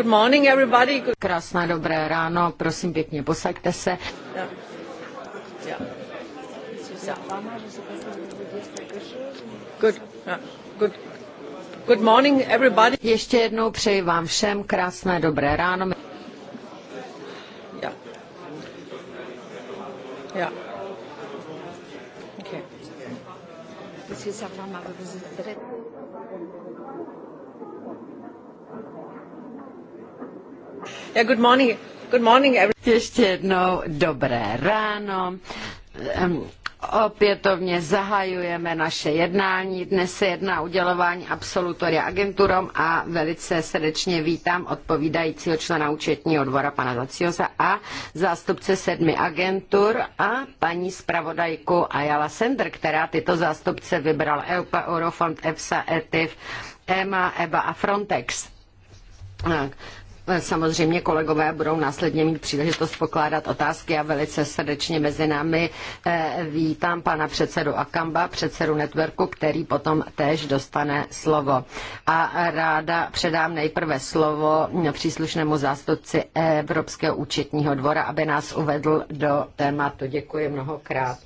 Good morning everybody. Good... Krásné dobré ráno, prosím pěkně, posaďte se. Good. Uh, good. Good morning everybody. Ještě jednou přeji vám všem krásné dobré ráno. Yeah. Yeah. Okay. Yeah, good morning. Good morning Ještě jednou dobré ráno. Opětovně zahajujeme naše jednání. Dnes se jedná udělování absolutoria agenturom a velice srdečně vítám odpovídajícího člena účetního dvora pana Zacioza a zástupce sedmi agentur a paní zpravodajku Ayala Sender, která tyto zástupce vybrala EUPA, Eurofond, EFSA, ETIF, EMA, EBA a Frontex. Tak. Samozřejmě kolegové budou následně mít příležitost pokládat otázky a velice srdečně mezi námi eh, vítám pana předsedu Akamba, předsedu networku, který potom též dostane slovo. A ráda předám nejprve slovo příslušnému zástupci Evropského účetního dvora, aby nás uvedl do tématu. Děkuji mnohokrát.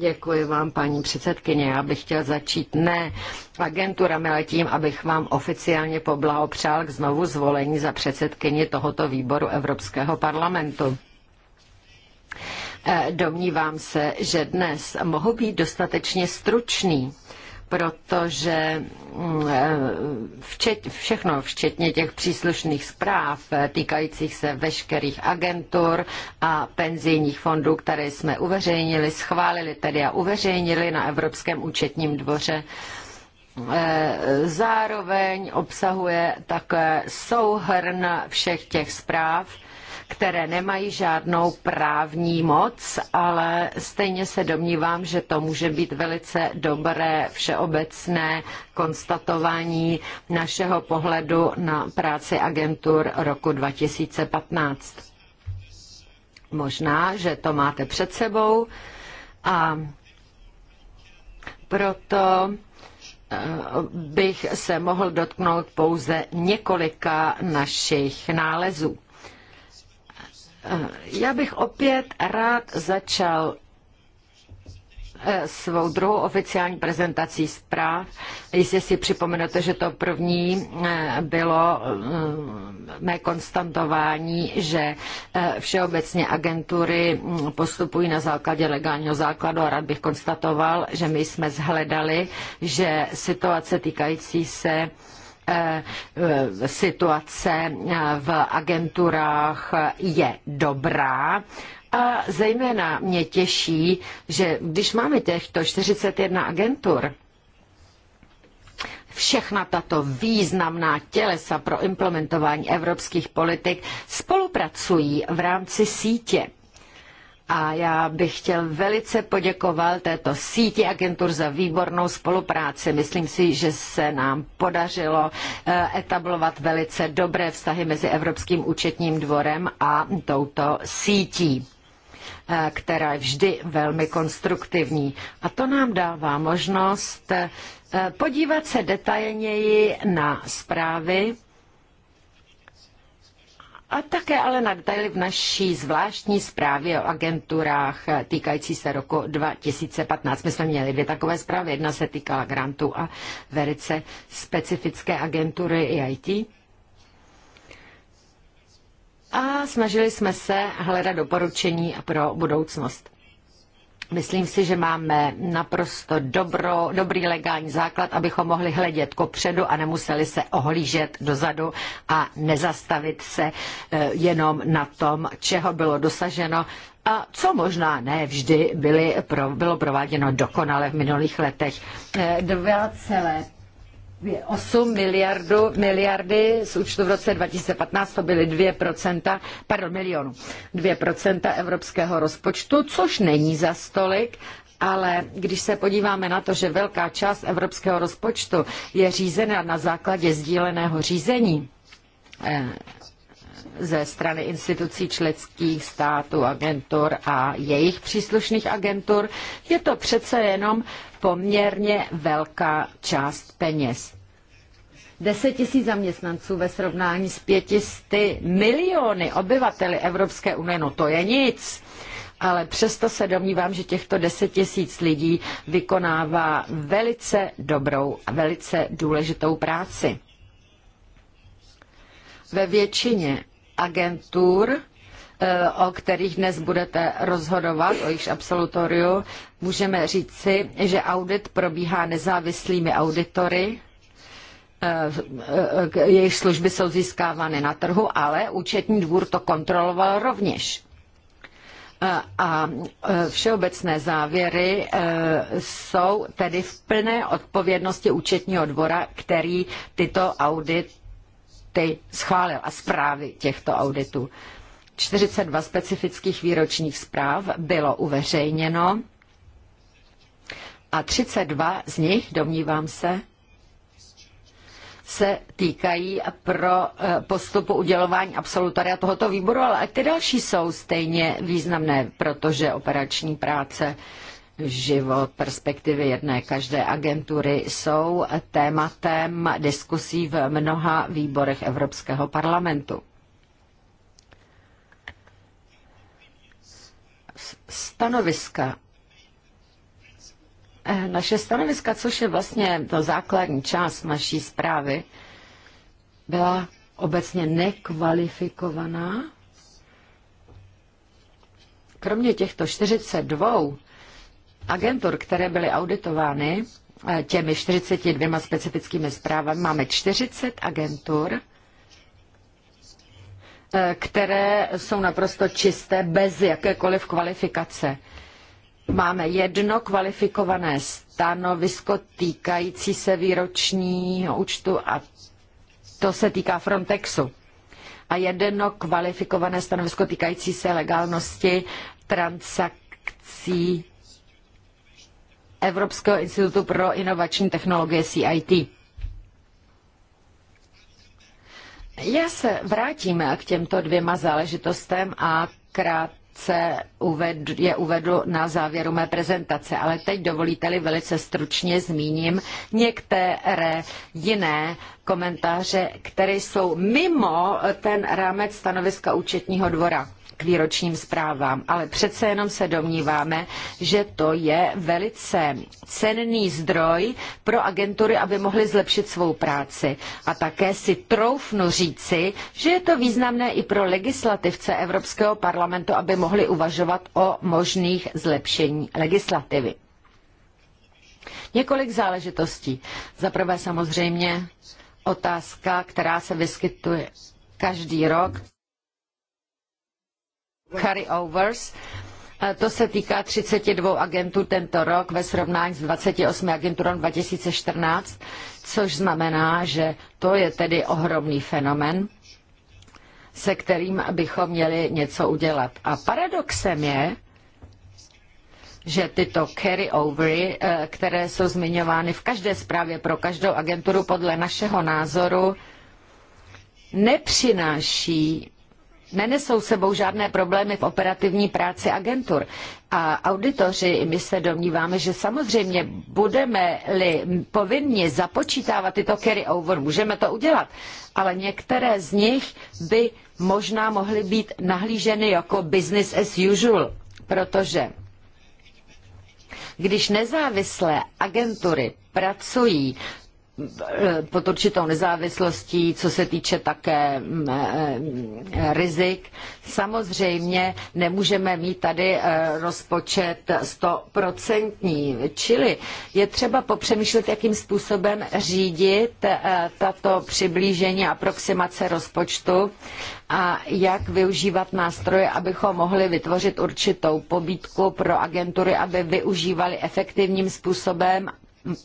Děkuji vám, paní předsedkyně. Já bych chtěl začít ne agenturami, ale tím, abych vám oficiálně poblahopřál k znovu zvolení za předsedkyni tohoto výboru Evropského parlamentu. Eh, domnívám se, že dnes mohu být dostatečně stručný protože mm, e, včet, všechno, včetně těch příslušných zpráv e, týkajících se veškerých agentur a penzijních fondů, které jsme uveřejnili, schválili tedy a uveřejnili na Evropském účetním dvoře, e, zároveň obsahuje také souhrn všech těch zpráv, které nemají žádnou právní moc, ale stejně se domnívám, že to může být velice dobré všeobecné konstatování našeho pohledu na práci agentur roku 2015. Možná, že to máte před sebou a proto eh, bych se mohl dotknout pouze několika našich nálezů. Eh, já bych opět rád začal eh, svou druhou oficiální prezentací zpráv. Jestli si připomenete, že to první eh, bylo mé konstantování, že všeobecně agentury hm, postupují na základě legálního základu a rád bych konstatoval, že my jsme zhledali, že situace týkající se Eh, eh, situace eh, v agenturách je dobrá. A zejména mě těší, že když máme těchto 41 agentur, všechna tato významná tělesa pro implementování evropských politik spolupracují v rámci sítě a já bych chtěl velice poděkovat této síti agentur za výbornou spolupráci. Myslím si, že se nám podařilo eh, etablovat velice dobré vztahy mezi Evropským účetním dvorem a touto sítí eh, která je vždy velmi konstruktivní. A to nám dává možnost eh, podívat se detailněji na zprávy a také ale nadali v naší zvláštní zprávě o agenturách týkající se roku 2015. My jsme měli dvě takové zprávy. Jedna se týkala grantů a velice specifické agentury IT A snažili jsme se hledat doporučení pro budoucnost. Myslím si, že máme naprosto dobro, dobrý legální základ, abychom mohli hledět kopředu a nemuseli se ohlížet dozadu a nezastavit se eh, jenom na tom, čeho bylo dosaženo a co možná ne vždy byly, bylo prováděno dokonale v minulých letech. 2,5 eh, 8 miliardu, miliardy z účtu v roce 2015 to byly 2%, pardon, milionu, 2% evropského rozpočtu, což není za stolik, ale když se podíváme na to, že velká část evropského rozpočtu je řízena na základě sdíleného řízení, eh, ze strany institucí členských států, agentur a jejich příslušných agentur, je to přece jenom poměrně velká část peněz. 10 tisíc zaměstnanců ve srovnání s 500 miliony obyvateli Evropské unie, no to je nic ale přesto se domnívám, že těchto 10 tisíc lidí vykonává velice dobrou a velice důležitou práci. Ve většině agentur, eh, o kterých dnes budete rozhodovat, o jejich absolutoriu, můžeme říci, že audit probíhá nezávislými auditory, eh, eh, jejich služby jsou získávány na trhu, ale účetní dvůr to kontroloval rovněž. A všeobecné závěry jsou tedy v plné odpovědnosti účetního dvora, který tyto audit ty schválil a zprávy těchto auditů. 42 specifických výročních zpráv bylo uveřejněno a 32 z nich, domnívám se, se týkají pro eh, postupu udělování absolutoria tohoto výboru, ale ty další jsou stejně významné, protože operační práce život, perspektivy jedné každé agentury jsou tématem diskusí v mnoha výborech Evropského parlamentu. Stanoviska eh, naše stanoviska, což je vlastně to základní část naší zprávy, byla obecně nekvalifikovaná. Kromě těchto 42 agentur, které byly auditovány eh, těmi 42 specifickými zprávami, máme 40 agentur, eh, které jsou naprosto čisté, bez jakékoliv kvalifikace. Máme jedno kvalifikované stanovisko týkající se výročního účtu a to se týká Frontexu. A jedno kvalifikované stanovisko týkající se legálnosti transakcí Evropského institutu pro inovační technologie CIT. Já se vrátím k těmto dvěma záležitostem a krátce uved, je uvedu na závěru mé prezentace, ale teď dovolíte-li velice stručně zmíním některé jiné komentáře, které jsou mimo ten rámec stanoviska účetního dvora k výročním zprávám, ale přece jenom se domníváme, že to je velice cenný zdroj pro agentury, aby mohly zlepšit svou práci. A také si troufnu říci, že je to významné i pro legislativce Evropského parlamentu, aby mohli uvažovat o možných zlepšení legislativy. Několik záležitostí. Za prvé samozřejmě otázka, která se vyskytuje každý rok, carryovers. To se týká 32 agentů tento rok ve srovnání s 28 agenturou 2014, což znamená, že to je tedy ohromný fenomen, se kterým bychom měli něco udělat. A paradoxem je, že tyto carry-overy, eh, které jsou zmiňovány v každé zprávě pro každou agenturu, podle našeho názoru nepřináší nenesou sebou žádné problémy v operativní práci agentur. A auditoři, my se domníváme, že samozřejmě budeme-li povinni započítávat tyto carry over, můžeme to udělat, ale některé z nich by možná mohly být nahlíženy jako business as usual, protože když nezávislé agentury pracují Eh, pod určitou nezávislostí, co se týče také mm, eh, mm, rizik. Samozřejmě nemůžeme mít tady eh, rozpočet 100%, čili je třeba popřemýšlet, jakým způsobem řídit tato přiblížení a aproximace rozpočtu a jak využívat nástroje, abychom mohli vytvořit určitou pobídku pro agentury, aby využívali efektivním způsobem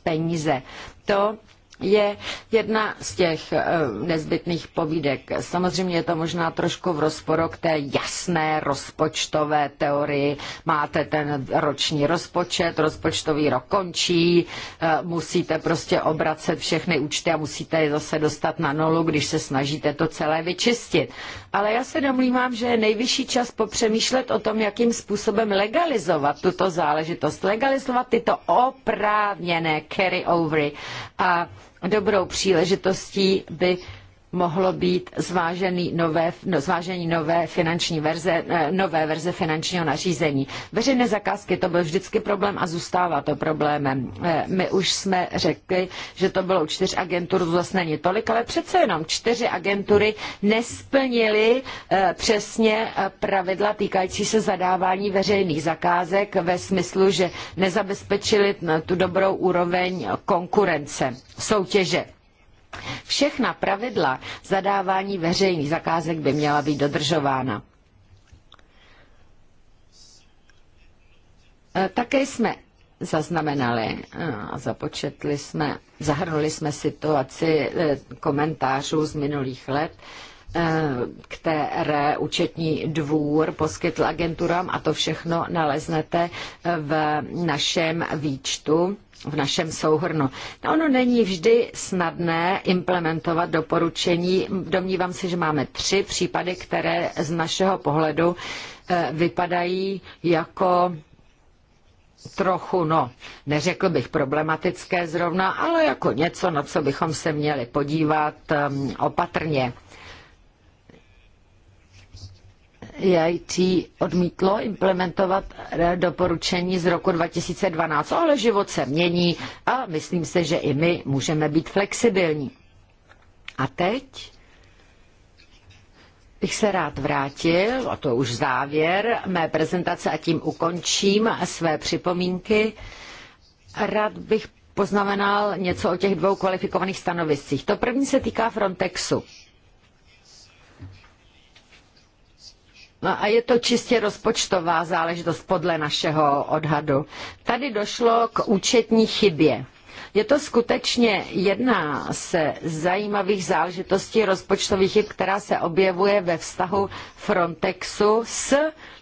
peníze. To je jedna z těch eh, nezbytných povídek. Samozřejmě je to možná trošku v rozporu k té jasné rozpočtové teorii. Máte ten roční rozpočet, rozpočtový rok končí, eh, musíte prostě obracet všechny účty a musíte je zase dostat na nulu, když se snažíte to celé vyčistit. Ale já se domnívám, že je nejvyšší čas popřemýšlet o tom, jakým způsobem legalizovat tuto záležitost, legalizovat tyto oprávněné carry-overy a dobrou příležitostí by mohlo být zvážený nové, no, zvážení nové finanční verze, eh, nové verze finančního nařízení. Veřejné zakázky to byl vždycky problém a zůstává to problémem. Eh, my už jsme řekli, že to bylo u čtyř agentur, to zase není tolik, ale přece jenom čtyři agentury nesplnily eh, přesně pravidla týkající se zadávání veřejných zakázek ve smyslu, že nezabezpečili tu dobrou úroveň konkurence, soutěže Všechna pravidla zadávání veřejných zakázek by měla být dodržována. E, také jsme zaznamenali e, a započetli jsme, zahrnuli jsme situaci e, komentářů z minulých let, Eh, které účetní dvůr poskytl agenturám a to všechno naleznete eh, v našem výčtu v našem souhrnu. No, ono není vždy snadné implementovat doporučení. Domnívám se, že máme tři případy, které z našeho pohledu eh, vypadají jako trochu, no, neřekl bych problematické zrovna, ale jako něco, na co bychom se měli podívat ehm, opatrně. EIT odmítlo implementovat doporučení z roku 2012, ale život se mění a myslím se, že i my můžeme být flexibilní. A teď bych se rád vrátil, a to už závěr mé prezentace a tím ukončím své připomínky. Rád bych poznamenal něco o těch dvou kvalifikovaných stanoviscích. To první se týká Frontexu. No a je to čistě rozpočtová záležitost podle našeho odhadu. Tady došlo k účetní chybě. Je to skutečně jedna z zajímavých záležitostí rozpočtových chyb, která se objevuje ve vztahu Frontexu s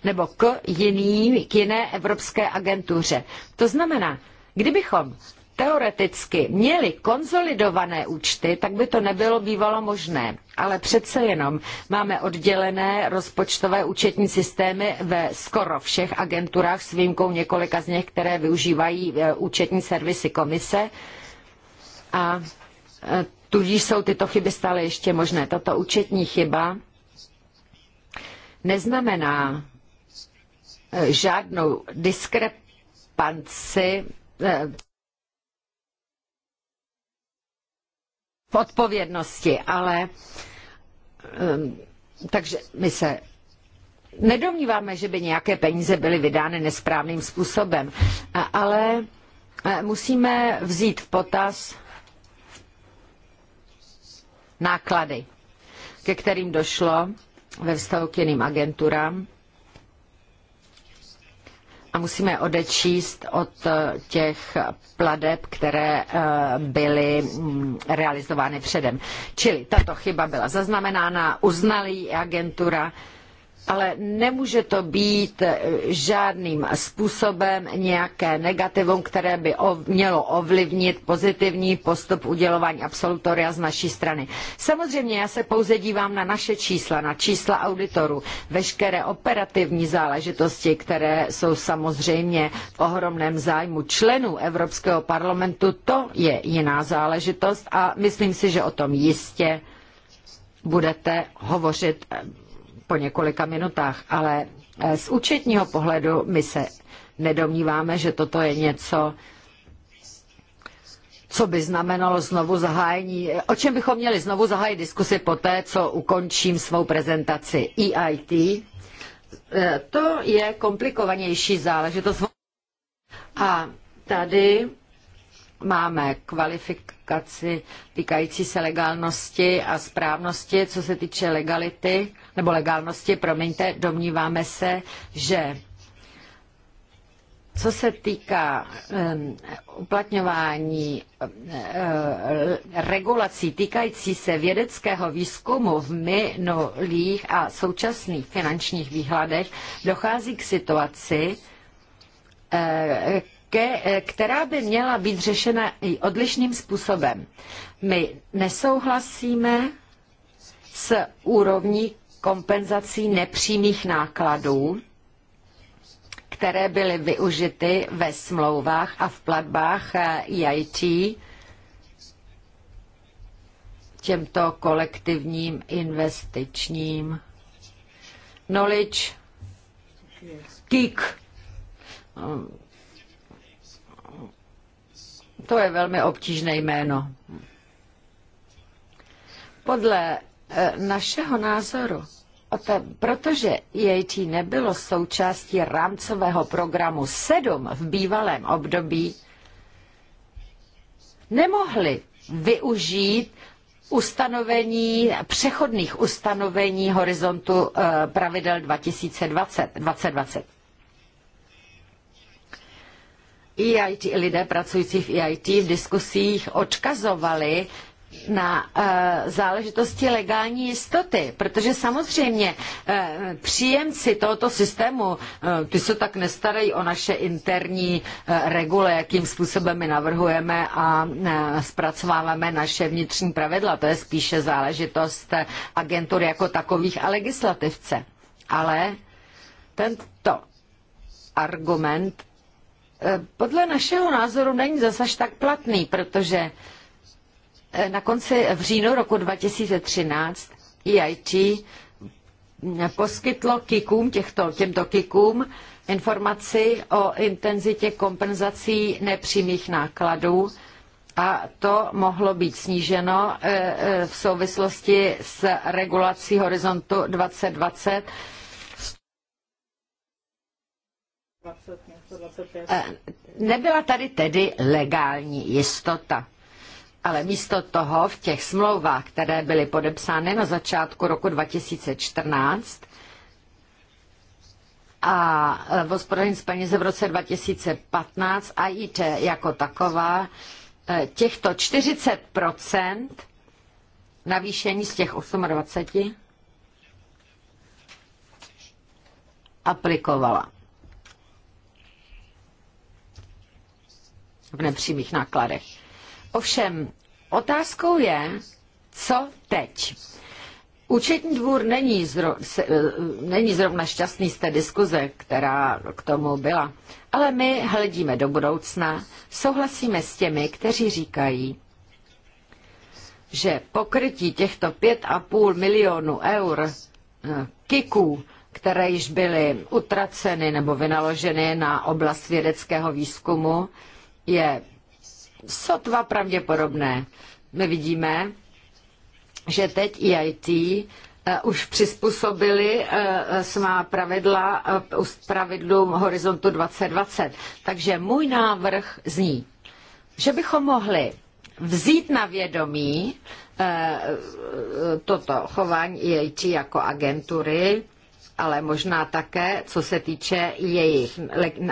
nebo k, jiný, k jiné evropské agentuře. To znamená, kdybychom teoreticky měli konsolidované účty, tak by to nebylo bývalo možné. Ale přece jenom máme oddělené rozpočtové účetní systémy ve skoro všech agenturách s výjimkou několika z nich, které využívají e, účetní servisy komise. A e, tudíž jsou tyto chyby stále ještě možné. Tato účetní chyba neznamená e, žádnou diskrepanci odpovědnosti, ale ehm, takže my se nedomníváme, že by nějaké peníze byly vydány nesprávným způsobem, ale e, musíme vzít v potaz náklady, ke kterým došlo ve vztahu k jiným agenturám a musíme odečíst od eh, těch pladeb, které eh, byly mm, realizovány předem. Čili tato chyba byla zaznamenána, uznala ji agentura ale nemůže to být eh, žádným způsobem nějaké negativum, které by mělo ovlivnit pozitivní postup udělování absolutoria z naší strany. Samozřejmě já se pouze dívám na naše čísla, na čísla auditorů. Veškeré operativní záležitosti, které jsou samozřejmě v ohromném zájmu členů Evropského parlamentu, to je jiná záležitost a myslím si, že o tom jistě budete hovořit eh, po několika minutách, ale eh, z účetního pohledu my se nedomníváme, že toto je něco, co by znamenalo znovu zahájení, o čem bychom měli znovu zahájit diskusi po té, co ukončím svou prezentaci EIT. Eh, to je komplikovanější záležitost. A tady máme kvalifikaci týkající se legálnosti a správnosti, co se týče legality, nebo legálnosti, promiňte, domníváme se, že co se týká um, uplatňování um, regulací týkající se vědeckého výzkumu v minulých a současných finančních výhledech, dochází k situaci, eh, ke, eh, která by měla být řešena i odlišným způsobem. My nesouhlasíme s úrovní kompenzací nepřímých nákladů, které byly využity ve smlouvách a v platbách EIT eh, e těmto kolektivním investičním knowledge kick to je velmi obtížné jméno. Podle eh, našeho názoru, protože EAT nebylo součástí rámcového programu 7 v bývalém období, nemohli využít ustanovení, přechodných ustanovení horizontu eh, pravidel 2020. 2020. EIT, lidé pracující v EIT v diskusích odkazovali na uh, záležitosti legální jistoty, protože samozřejmě uh, příjemci tohoto systému, uh, ty se tak nestarají o naše interní uh, regule, jakým způsobem my navrhujeme a uh, zpracováváme naše vnitřní pravidla. To je spíše záležitost agentur jako takových a legislativce. Ale tento argument Eh, podle našeho názoru není zase tak platný, protože eh, na konci v říjnu roku 2013 EIT eh, poskytlo kikům, těchto, těmto kikům informaci o intenzitě kompenzací nepřímých nákladů a to mohlo být sníženo v souvislosti s regulací horizontu 2020. 20 Eh, nebyla tady tedy legální jistota. Ale místo toho v těch smlouvách, které byly podepsány na začátku roku 2014 a eh, v hospodaření z peníze v roce 2015 a IT jako taková, eh, těchto 40 navýšení z těch 28 aplikovala. v nepřímých nákladech. Ovšem, otázkou je, co teď? Účetní dvůr není, zro, se, eh, není zrovna šťastný z té diskuze, která k tomu byla, ale my hledíme do budoucna, souhlasíme s těmi, kteří říkají, že pokrytí těchto 5,5 milionu eur eh, kiků, které již byly utraceny nebo vynaloženy na oblast vědeckého výzkumu, je sotva pravděpodobné. My vidíme, že teď EIT eh, už přizpůsobili eh, svá pravidla eh, pravidlům Horizontu 2020. Takže můj návrh zní, že bychom mohli vzít na vědomí toto chování EIT jako agentury ale možná také, co se týče jejich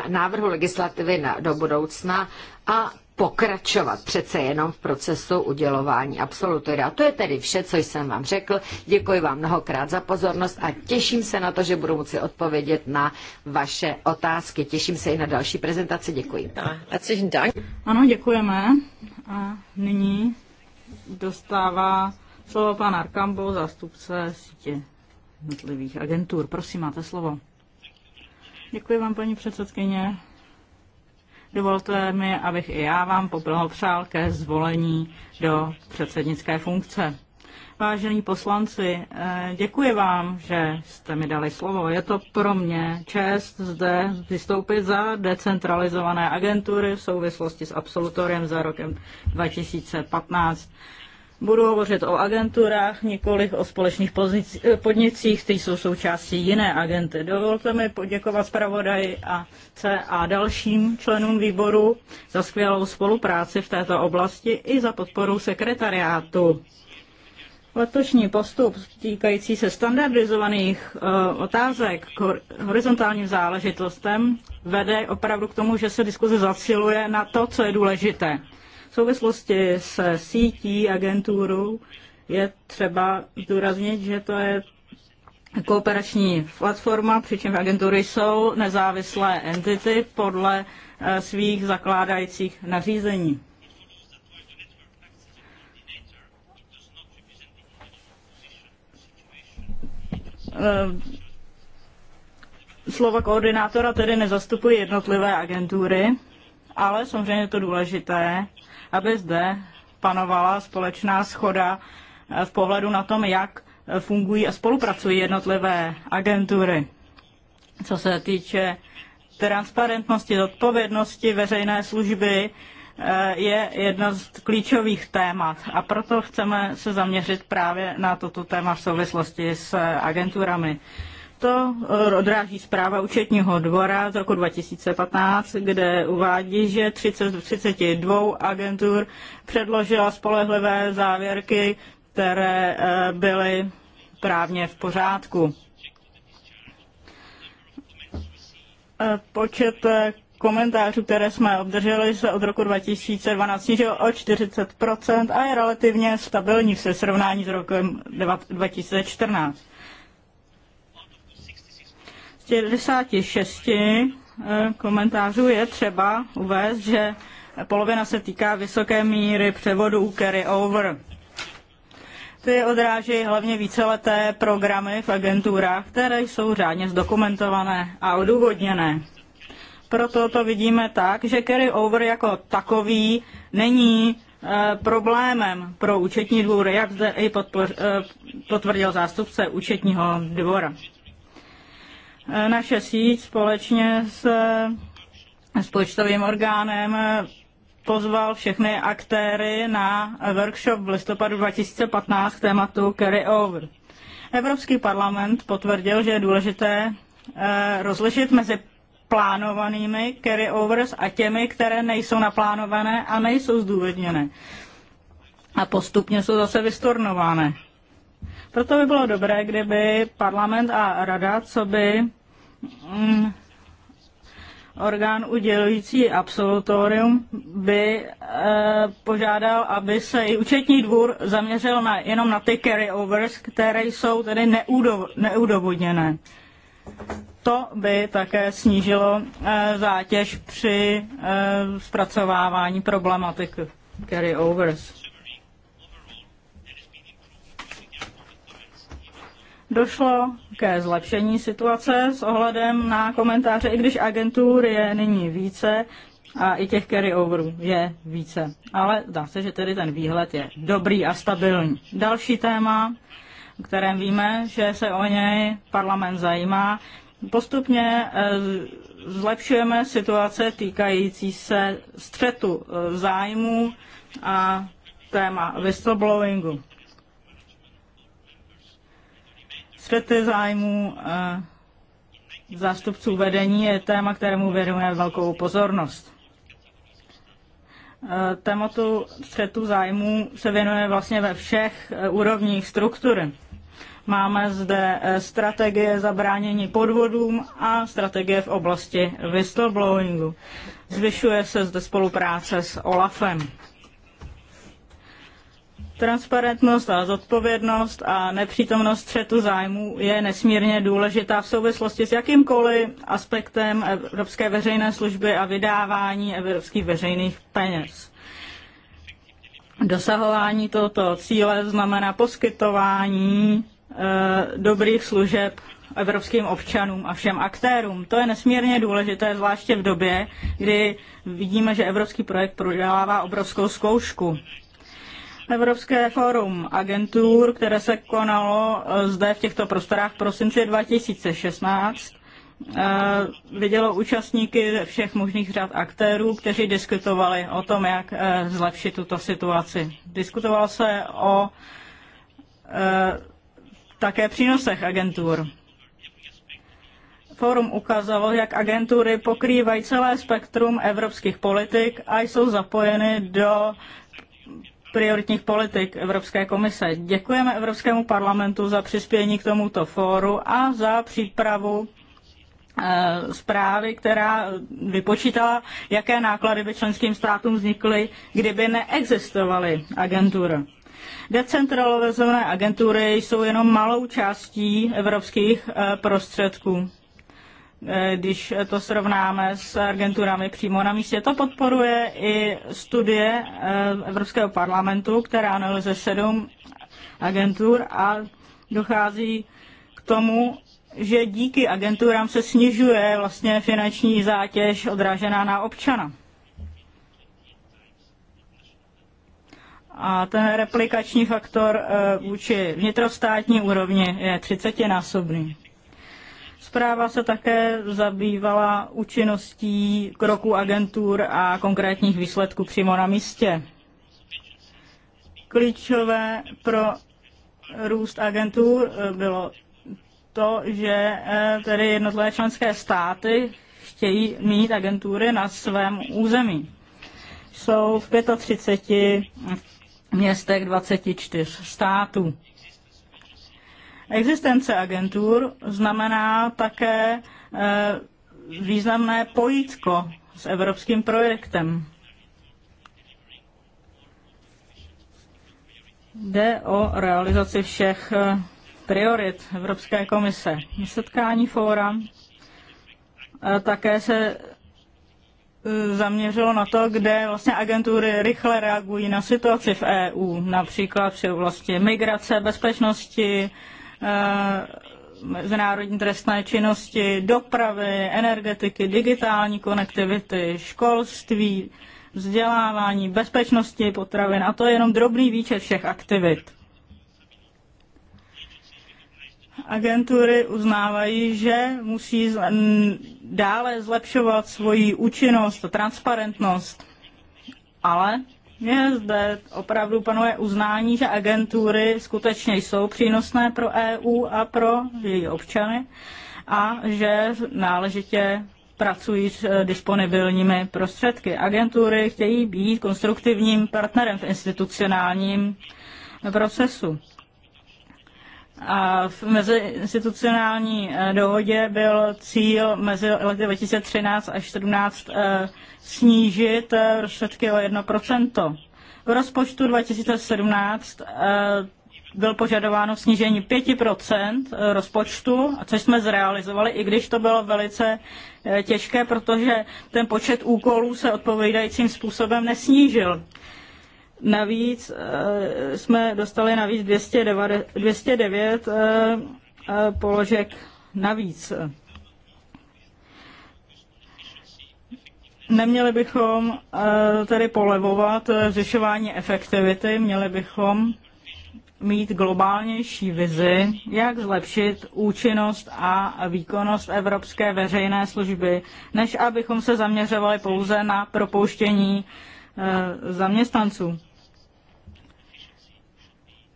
návrhu legislativy na, do budoucna a pokračovat přece jenom v procesu udělování absolutoria. To je tedy vše, co jsem vám řekl. Děkuji vám mnohokrát za pozornost a těším se na to, že budu moci odpovědět na vaše otázky. Těším se i na další prezentaci. Děkuji. Ano, děkujeme. A nyní dostává slovo pan Arkambo, zástupce sítě jednotlivých agentur. Prosím, máte slovo. Děkuji vám, paní předsedkyně. Dovolte mi, abych i já vám poblahopřál ke zvolení do předsednické funkce. Vážení poslanci, eh, děkuji vám, že jste mi dali slovo. Je to pro mě čest zde vystoupit za decentralizované agentury v souvislosti s absolutoriem za rokem 2015. Budu hovořit o agenturách, nikoli o společných eh, podnicích, které jsou součástí jiné agenty. Dovolte mi poděkovat zpravodaji a C a dalším členům výboru za skvělou spolupráci v této oblasti i za podporu sekretariátu. Letošní postup týkající se standardizovaných uh, otázek k horizontálním záležitostem vede opravdu k tomu, že se diskuze zasiluje na to, co je důležité. V souvislosti se sítí agenturou? je třeba zdůraznit, že to je kooperační platforma, přičemž agentury jsou nezávislé entity podle eh, svých zakládajících nařízení. Eh, Slova koordinátora tedy nezastupují jednotlivé agentury, ale samozřejmě je to důležité, aby zde panovala společná schoda eh, v pohledu na tom, jak eh, fungují a spolupracují jednotlivé agentury. Co se týče transparentnosti, odpovědnosti veřejné služby, eh, je jedno z klíčových témat a proto chceme se zaměřit právě na toto téma v souvislosti s agenturami to eh, odráží zpráva účetního dvora z roku 2015, kde uvádí, že 30 z 32 agentur předložila spolehlivé závěrky, které eh, byly právně v pořádku. Eh, počet komentářů, které jsme obdrželi, se od roku 2012 snížil o 40% a je relativně stabilní v srovnání s rokem 2014. 96 eh, komentářů je třeba uvést, že polovina se týká vysoké míry převodu carry over. Ty odráží hlavně víceleté programy v agenturách, které jsou řádně zdokumentované a odůvodněné. Proto to vidíme tak, že carry over jako takový není eh, problémem pro účetní dvůr, jak zde i eh, potvrdil zástupce účetního dvora. Eh, naše síť společně s, eh, s počtovým orgánem eh, pozval všechny aktéry na workshop v listopadu 2015 k tématu carry over. Evropský parlament potvrdil, že je důležité rozlišit mezi plánovanými Overs a těmi, které nejsou naplánované a nejsou zdůvodněné. A postupně jsou zase vystornované. Proto by bylo dobré, kdyby parlament a rada, co by mm, orgán udělující absolutorium by e, požádal, aby se i účetní dvůr zaměřil na, jenom na ty carryovers, které jsou tedy neudo, neudovodněné. To by také snížilo e, zátěž při e, zpracovávání problematiky carryovers. Došlo ke zlepšení situace s ohledem na komentáře, i když agentur je nyní více a i těch carryoverů je více. Ale dá se, že tedy ten výhled je dobrý a stabilní. Další téma, o kterém víme, že se o něj parlament zajímá, postupně eh, zlepšujeme situace týkající se střetu eh, zájmů a téma whistleblowingu. střety zájmů eh, zástupců vedení je téma, kterému věnuje velkou pozornost. Eh, tématu střetu zájmů se věnuje vlastně ve všech eh, úrovních struktury. Máme zde strategie zabránění podvodům a strategie v oblasti whistleblowingu. Zvyšuje se zde spolupráce s OLAFem. Transparentnost a zodpovědnost a nepřítomnost střetu zájmů je nesmírně důležitá v souvislosti s jakýmkoliv aspektem evropské veřejné služby a vydávání evropských veřejných peněz. Dosahování tohoto cíle znamená poskytování eh, dobrých služeb evropským občanům a všem aktérům. To je nesmírně důležité, zvláště v době, kdy vidíme, že evropský projekt prodává obrovskou zkoušku. Evropské fórum agentur, které se konalo eh, zde v těchto prostorách v prosinci 2016, eh, vidělo účastníky všech možných řad aktérů, kteří diskutovali o tom, jak eh, zlepšit tuto situaci. Diskutovalo se o také přínosech agentur. Fórum ukázalo, jak agentury pokrývají celé spektrum evropských politik a jsou zapojeny do prioritních politik Evropské komise. Děkujeme Evropskému parlamentu za přispění k tomuto fóru a za přípravu eh, zprávy, která vypočítala, jaké náklady by členským státům vznikly, kdyby neexistovaly agentury. Decentralizované agentury jsou jenom malou částí evropských eh, prostředků. Eh, když to srovnáme s agenturami přímo na místě. To podporuje i studie eh, Evropského parlamentu, která analyzuje sedm agentur a dochází k tomu, že díky agenturám se snižuje vlastně finanční zátěž odrážená na občana. A ten replikační faktor eh, vůči vnitrostátní úrovni je 30 násobný. Zpráva se také zabývala účinností kroků agentur a konkrétních výsledků přímo na místě. Klíčové pro růst agentur eh, bylo to, že eh, tedy jednotlivé členské státy chtějí mít agentury na svém území. Jsou v 35 městech 24 států. Existence agentur znamená také eh, významné pojítko s evropským projektem. Jde o realizaci všech eh, priorit Evropské komise. Setkání fóra eh, také se zaměřilo na to, kde vlastně agentury rychle reagují na situaci v EU, například při oblasti migrace, bezpečnosti, Eh, mezinárodní trestné činnosti, dopravy, energetiky, digitální konektivity, školství, vzdělávání, bezpečnosti potravin a to je jenom drobný výčet všech aktivit. Agentury uznávají, že musí dále zlepšovat svoji účinnost a transparentnost, ale je zde opravdu panuje uznání, že agentury skutečně jsou přínosné pro EU a pro její občany a že náležitě pracují s eh, disponibilními prostředky. Agentury chtějí být konstruktivním partnerem v institucionálním procesu. A v meziinstitucionální eh, dohodě byl cíl mezi lety 2013 až 2017 eh, snížit eh, rozsledky o 1%. V rozpočtu 2017 byl požadováno snížení 5% rozpočtu, což jsme zrealizovali, i když to bylo velice těžké, protože ten počet úkolů se odpovídajícím způsobem nesnížil. Navíc eh, jsme dostali navíc 209, eh, eh, položek navíc. Neměli bychom tedy polevovat řešování efektivity, měli bychom mít globálnější vizi, jak zlepšit účinnost a výkonnost evropské veřejné služby, než abychom se zaměřovali pouze na propouštění zaměstnanců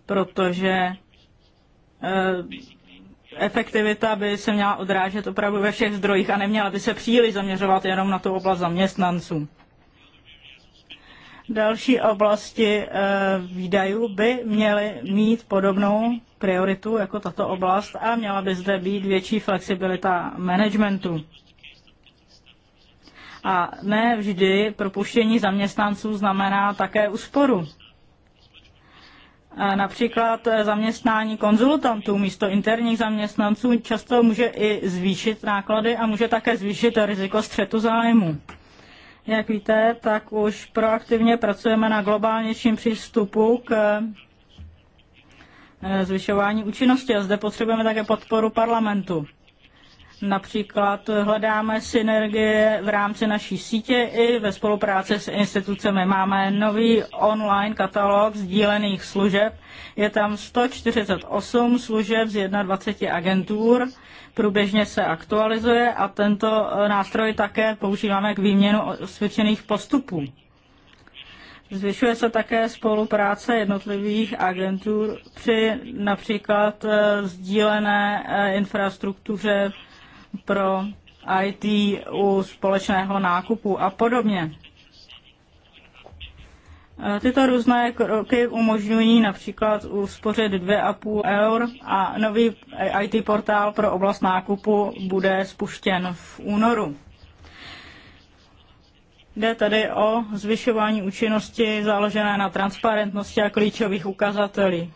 protože eh, efektivita by se měla odrážet opravdu ve všech zdrojích a neměla by se příliš zaměřovat jenom na tu oblast zaměstnanců. Další oblasti eh, výdajů by měly mít podobnou prioritu jako tato oblast a měla by zde být větší flexibilita managementu. A ne vždy propuštění zaměstnanců znamená také úsporu. Například eh, zaměstnání konzultantů místo interních zaměstnanců často může i zvýšit náklady a může také zvýšit riziko střetu zájmu. Jak víte, tak už proaktivně pracujeme na globálnějším přístupu k eh, zvyšování účinnosti a zde potřebujeme také podporu parlamentu. Například hledáme synergie v rámci naší sítě i ve spolupráci s institucemi. Máme nový online katalog sdílených služeb. Je tam 148 služeb z 21 agentur. Průběžně se aktualizuje a tento nástroj také používáme k výměnu osvědčených postupů. Zvyšuje se také spolupráce jednotlivých agentur při například eh, sdílené eh, infrastruktuře pro IT u společného nákupu a podobně. E, tyto různé kroky umožňují například uspořit 2,5 eur a nový IT portál pro oblast nákupu bude spuštěn v únoru. Jde tedy o zvyšování účinnosti založené na transparentnosti a klíčových ukazatelích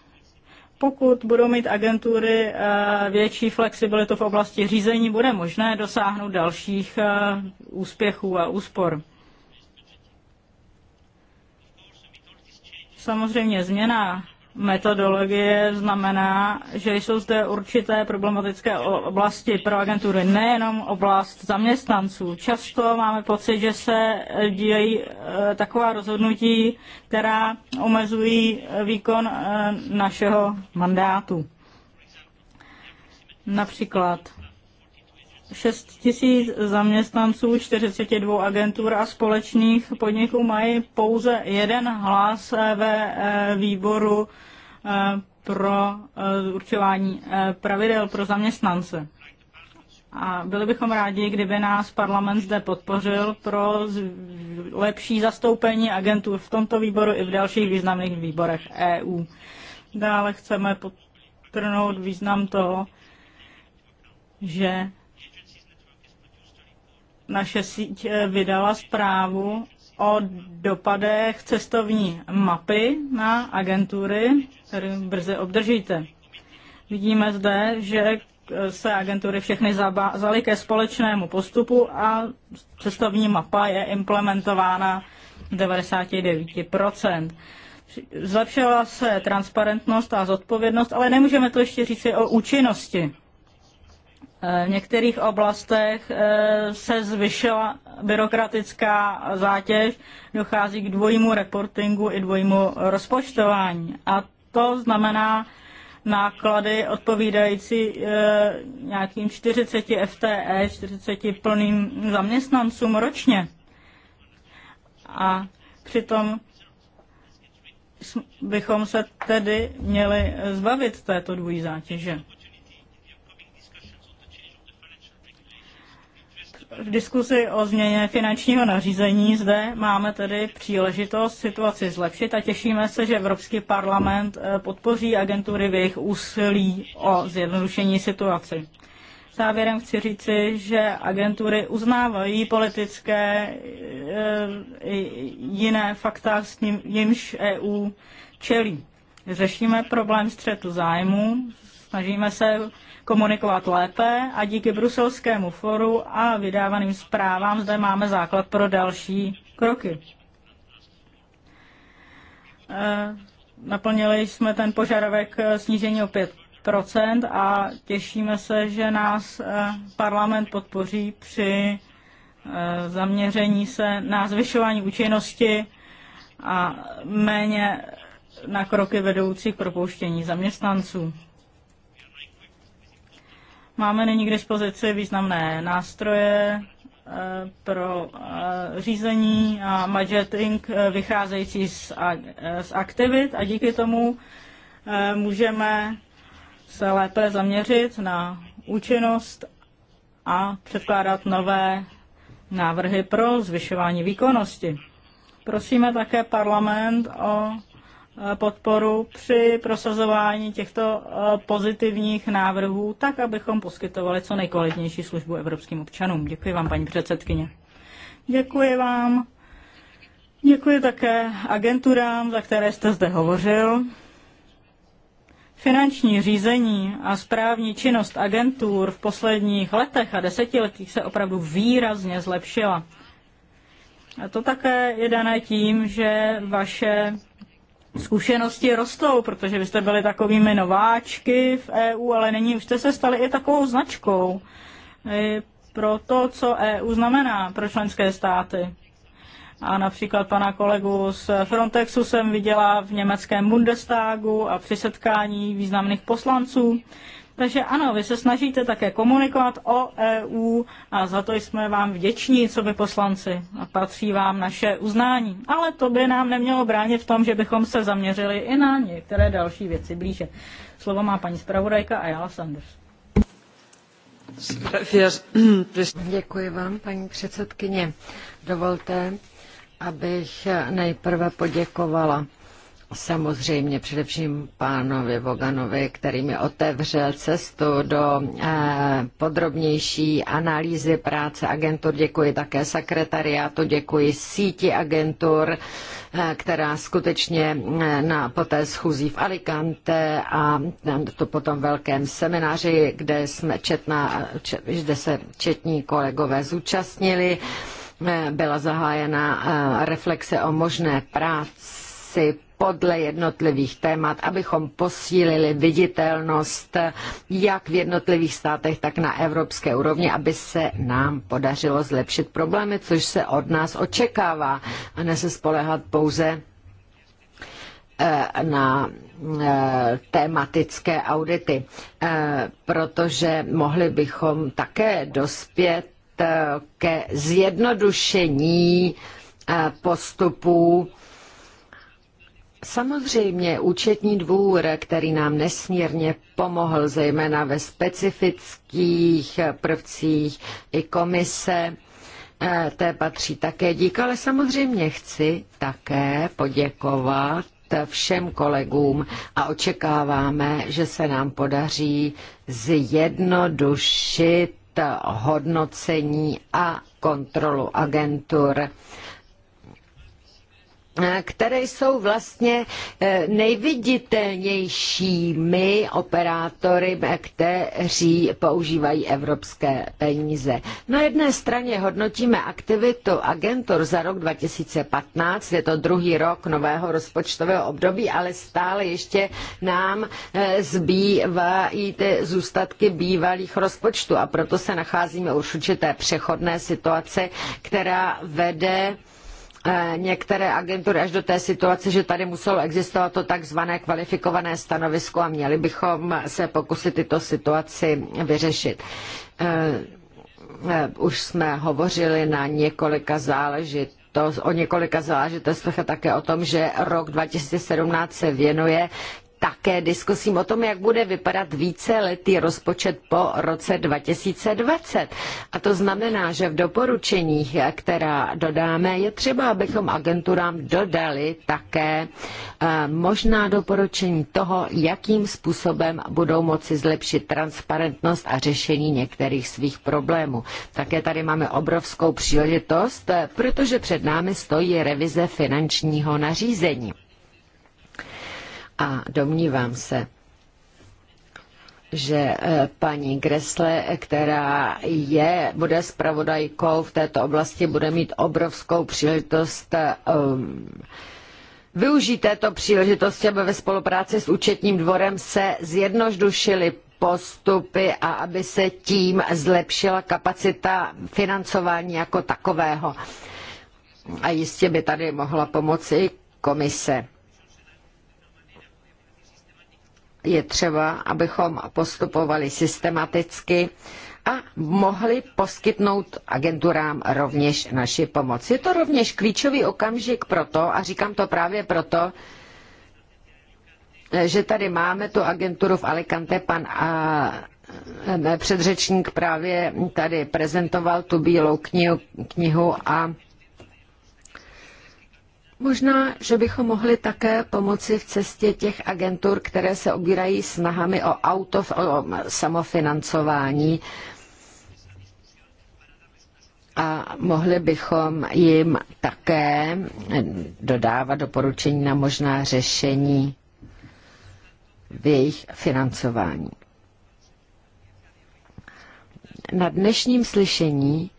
pokud budou mít agentury eh, větší flexibilitu v oblasti řízení, bude možné dosáhnout dalších eh, úspěchů a úspor. Samozřejmě změna metodologie znamená, že jsou zde určité problematické oblasti pro agentury, nejenom oblast zaměstnanců. Často máme pocit, že se dějí e, taková rozhodnutí, která omezují e, výkon e, našeho mandátu. Například 6 tisíc zaměstnanců 42 agentur a společných podniků mají pouze jeden hlas ve e, výboru e, pro e, určování pravidel pro zaměstnance. A byli bychom rádi, kdyby nás parlament zde podpořil pro lepší zastoupení agentů v tomto výboru i v dalších významných výborech EU. Dále chceme podtrhnout význam toho, že naše síť eh, vydala zprávu o dopadech cestovní mapy na agentury, kterou brzy obdržíte. Vidíme zde, že eh, se agentury všechny zavázaly ke společnému postupu a cestovní mapa je implementována 99%. Zlepšila se transparentnost a zodpovědnost, ale nemůžeme to ještě říct o účinnosti. Eh, v některých oblastech eh, se zvyšila byrokratická zátěž, dochází k dvojímu reportingu i dvojímu rozpočtování. A to znamená náklady odpovídající eh, nějakým 40 FTE, 40 plným zaměstnancům ročně. A přitom bychom se tedy měli zbavit této dvojí zátěže. v diskuzi o změně finančního nařízení zde máme tedy příležitost situaci zlepšit a těšíme se, že Evropský parlament eh, podpoří agentury v jejich úsilí o zjednodušení situaci. Závěrem chci říci, že agentury uznávají politické eh, jiné fakta, s ním, jimž EU čelí. Řešíme problém střetu zájmu, snažíme se komunikovat lépe a díky bruselskému foru a vydávaným zprávám zde máme základ pro další kroky. Eh, naplnili jsme ten požadavek snížení o 5 a těšíme se, že nás eh, parlament podpoří při eh, zaměření se na zvyšování účinnosti a méně na kroky vedoucí k propouštění zaměstnanců. Máme nyní k dispozici významné nástroje eh, pro eh, řízení a budgeting eh, vycházející z, aktivit a díky tomu můžeme se lépe zaměřit na účinnost a předkládat nové návrhy pro zvyšování výkonnosti. Prosíme také parlament o podporu při prosazování těchto e, pozitivních návrhů, tak abychom poskytovali co nejkvalitnější službu evropským občanům. Děkuji vám, paní předsedkyně. Děkuji vám. Děkuji také agenturám, za které jste zde hovořil. Finanční řízení a správní činnost agentur v posledních letech a desetiletích se opravdu výrazně zlepšila. A to také je dané tím, že vaše zkušenosti rostou, protože vy jste byli takovými nováčky v EU, ale nyní už jste se stali i takovou značkou pro to, co EU znamená pro členské státy. A například pana kolegu z Frontexu jsem viděla v německém Bundestagu a při setkání významných poslanců. Takže ano, vy se snažíte také komunikovat o EU a za to jsme vám vděční, co by poslanci, a patří vám naše uznání. Ale to by nám nemělo bránit v tom, že bychom se zaměřili i na některé další věci blíže. Slovo má paní zpravodajka Jala Sanders. Děkuji vám, paní předsedkyně. Dovolte, abych nejprve poděkovala samozřejmě především pánovi Voganovi, který mi otevřel cestu do eh, podrobnější analýzy práce agentur. Děkuji také sekretariátu, děkuji síti agentur, eh, která skutečně eh, na, poté schůzí v Alicante a to potom velkém semináři, kde, jsme četná, čet, kde se četní kolegové zúčastnili, byla zahájena reflexe o možné práci podle jednotlivých témat, abychom posílili viditelnost jak v jednotlivých státech, tak na evropské úrovni, aby se nám podařilo zlepšit problémy, což se od nás očekává a ne se spolehat pouze eh, na eh, tématické audity, eh, protože mohli bychom také dospět ke zjednodušení postupů Samozřejmě účetní dvůr, který nám nesmírně pomohl, zejména ve specifických prvcích i komise, eh, té patří také dík, ale samozřejmě chci také poděkovat všem kolegům a očekáváme, že se nám podaří zjednodušit hodnocení a kontrolu agentur které jsou vlastně eh, nejviditelnějšími operátory, eh, kteří používají evropské peníze. Na jedné straně hodnotíme aktivitu agentur za rok 2015, je to druhý rok nového rozpočtového období, ale stále ještě nám eh, zbývají ty zůstatky bývalých rozpočtů a proto se nacházíme už určité přechodné situace, která vede Eh, některé agentury až do té situace, že tady muselo existovat to takzvané kvalifikované stanovisko a měli bychom se pokusit tyto situaci vyřešit. Eh, eh, už jsme hovořili na několika záležit to o několika záležitostech a také o tom, že rok 2017 se věnuje také diskusím o tom, jak bude vypadat víceletý rozpočet po roce 2020. A to znamená, že v doporučeních, která dodáme, je třeba, abychom agenturám dodali také eh, možná doporučení toho, jakým způsobem budou moci zlepšit transparentnost a řešení některých svých problémů. Také tady máme obrovskou příležitost, eh, protože před námi stojí revize finančního nařízení. A domnívám se, že eh, paní Gresle, která je, bude spravodajkou v této oblasti, bude mít obrovskou příležitost um, využít této příležitosti, aby ve spolupráci s účetním dvorem se zjednodušily postupy a aby se tím zlepšila kapacita financování jako takového. A jistě by tady mohla pomoci komise je třeba, abychom postupovali systematicky a mohli poskytnout agenturám rovněž naši pomoc. Je to rovněž klíčový okamžik proto, a říkám to právě proto, že tady máme tu agenturu v Alicante, pan a předřečník právě tady prezentoval tu bílou knihu, knihu a Možná, že bychom mohli také pomoci v cestě těch agentur, které se obírají snahami o auto, o samofinancování a mohli bychom jim také dodávat doporučení na možná řešení v jejich financování. Na dnešním slyšení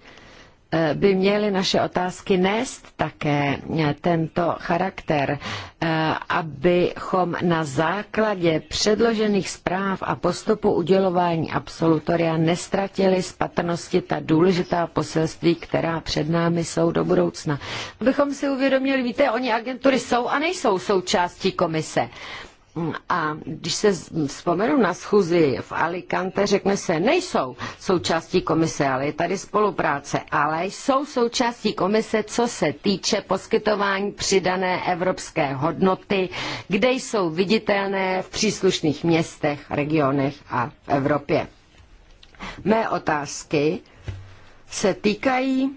by měly naše otázky nést také tento charakter, eh, abychom na základě předložených zpráv a postupu udělování absolutoria nestratili z patrnosti ta důležitá poselství, která před námi jsou do budoucna. Abychom si uvědomili, víte, oni agentury jsou a nejsou součástí komise. A když se vzpomenu na schůzi v Alicante, řekne se, nejsou součástí komise, ale je tady spolupráce, ale jsou součástí komise, co se týče poskytování přidané evropské hodnoty, kde jsou viditelné v příslušných městech, regionech a v Evropě. Mé otázky se týkají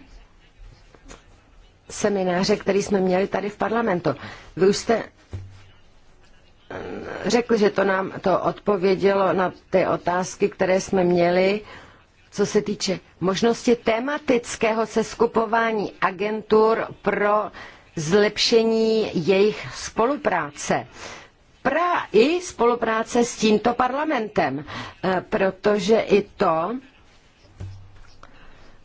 semináře, který jsme měli tady v parlamentu. Vy už jste řekl, že to nám to odpovědělo na ty otázky, které jsme měli, co se týče možnosti tematického seskupování agentur pro zlepšení jejich spolupráce. Pra i spolupráce s tímto parlamentem, eh, protože i to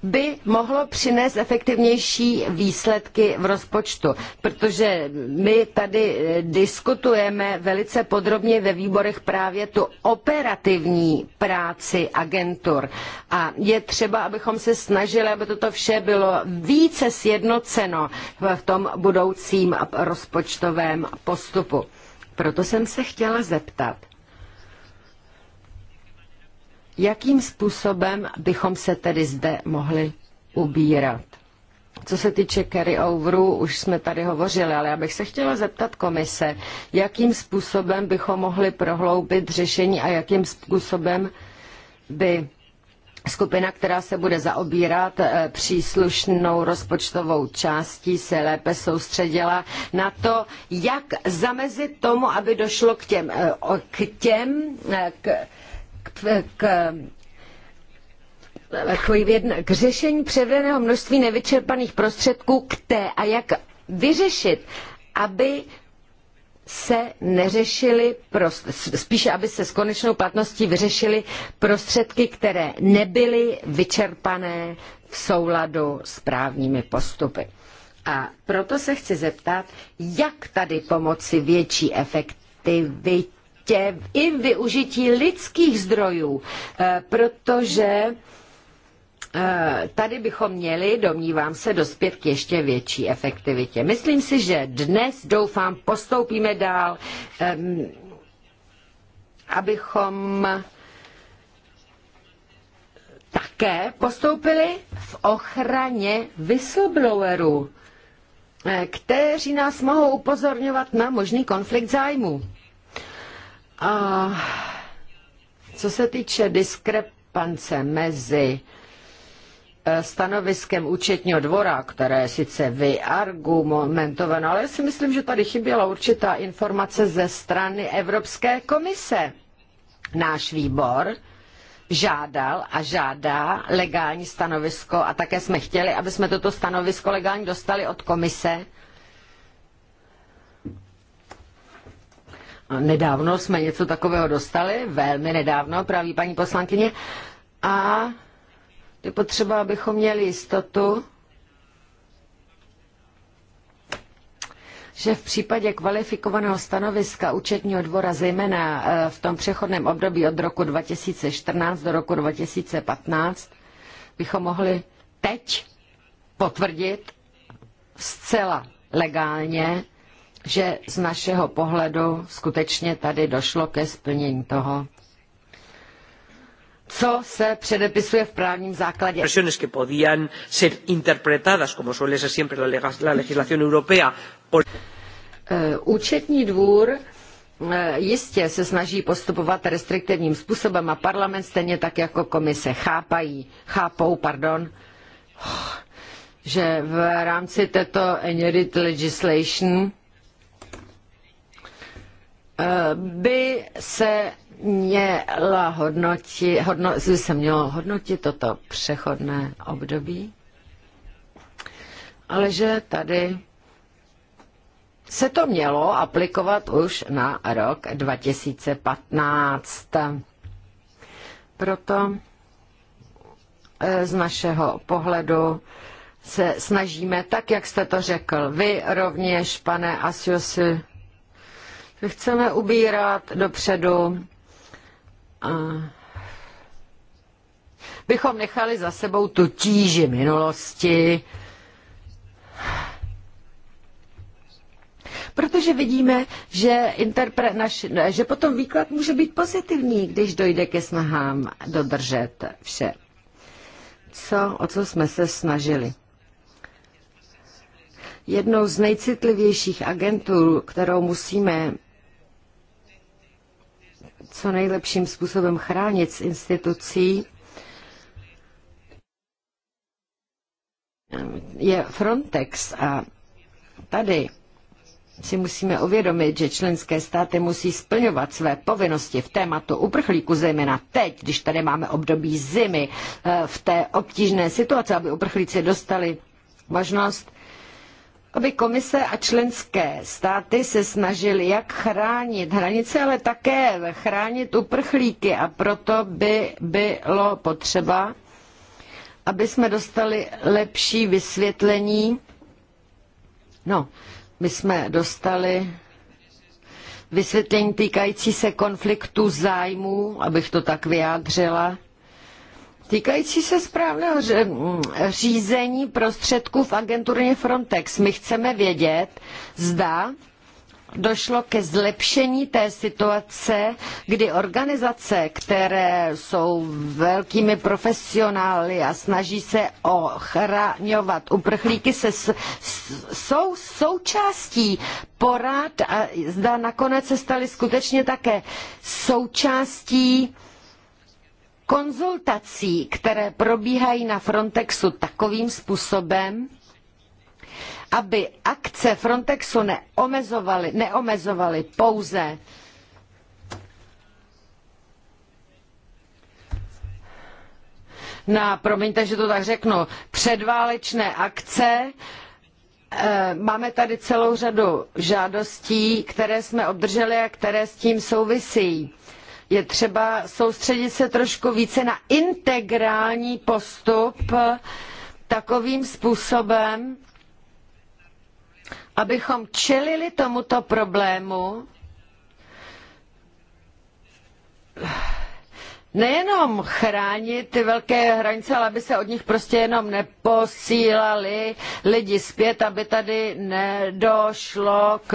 by mohlo přinést efektivnější výsledky v rozpočtu, protože my tady eh, diskutujeme velice podrobně ve výborech právě tu operativní práci agentur. A je třeba, abychom se snažili, aby toto vše bylo více sjednoceno v tom budoucím rozpočtovém postupu. Proto jsem se chtěla zeptat, Jakým způsobem bychom se tedy zde mohli ubírat? Co se týče carry-overu, už jsme tady hovořili, ale já bych se chtěla zeptat komise, jakým způsobem bychom mohli prohloubit řešení a jakým způsobem by skupina, která se bude zaobírat eh, příslušnou rozpočtovou částí, se lépe soustředila na to, jak zamezit tomu, aby došlo k těm, eh, k těm eh, k, k k řešení převedeného množství nevyčerpaných prostředků k té a jak vyřešit, aby se neřešily, spíše aby se s konečnou platností vyřešily prostředky, které nebyly vyčerpané v souladu s právními postupy. A proto se chci zeptat, jak tady pomoci větší efektivitě podstatě i využití lidských zdrojů, eh, protože eh, tady bychom měli, domnívám se, dospět k ještě větší efektivitě. Myslím si, že dnes, doufám, postoupíme dál, ehm, abychom také postoupili v ochraně whistleblowerů, eh, kteří nás mohou upozorňovat na možný konflikt zájmů. A co se týče diskrepance mezi eh, stanoviskem účetního dvora, které sice vyargumentováno, ale já si myslím, že tady chyběla určitá informace ze strany Evropské komise. Náš výbor žádal a žádá legální stanovisko a také jsme chtěli, aby jsme toto stanovisko legální dostali od komise, Nedávno jsme něco takového dostali, velmi nedávno, praví paní poslankyně, a je potřeba, abychom měli jistotu, že v případě kvalifikovaného stanoviska účetního dvora, zejména eh, v tom přechodném období od roku 2014 do roku 2015, bychom mohli teď potvrdit zcela legálně, že z našeho pohledu skutečně tady došlo ke splnění toho, co se předepisuje v právním základě. Presiones que podían ser interpretadas, como suele ser siempre la legislación europea, por... Eh, účetní dvůr eh, jistě se snaží postupovat restriktivním způsobem a parlament stejně tak jako komise chápají, chápou, pardon, že v rámci této Enided Legislation by se měla hodnotit, hodno, by se mělo hodnotit toto přechodné období, ale že tady se to mělo aplikovat už na rok 2015. Proto eh, z našeho pohledu se snažíme, tak jak jste to řekl, vy rovněž, pane Asiusi, chceme ubírat dopředu a bychom nechali za sebou tu tíži minulosti, protože vidíme, že, interpre, naš, že potom výklad může být pozitivní, když dojde ke snahám dodržet vše, co, o co jsme se snažili. Jednou z nejcitlivějších agentů, kterou musíme co nejlepším způsobem chránit z institucí, je Frontex a tady si musíme uvědomit, že členské státy musí splňovat své povinnosti v tématu uprchlíku, zejména teď, když tady máme období zimy, eh, v té obtížné situaci, aby uprchlíci dostali možnost aby komise a členské státy se snažily jak chránit hranice, ale také chránit uprchlíky a proto by bylo potřeba, aby jsme dostali lepší vysvětlení. No, my jsme dostali vysvětlení týkající se konfliktu zájmů, abych to tak vyjádřila, Týkající se správného řízení prostředků v agenturně Frontex, my chceme vědět, zda došlo ke zlepšení té situace, kdy organizace, které jsou velkými profesionály a snaží se ochraňovat uprchlíky, se, s, jsou součástí porad a zda nakonec se staly skutečně také součástí konzultací, které probíhají na Frontexu takovým způsobem, aby akce Frontexu neomezovaly, neomezovaly pouze na, promiňte, že to tak řeknu, předválečné akce, eh, Máme tady celou řadu žádostí, které jsme obdrželi a které s tím souvisí je třeba soustředit se trošku více na integrální postup takovým způsobem, abychom čelili tomuto problému nejenom chránit ty velké hranice, ale aby se od nich prostě jenom neposílali lidi zpět, aby tady nedošlo k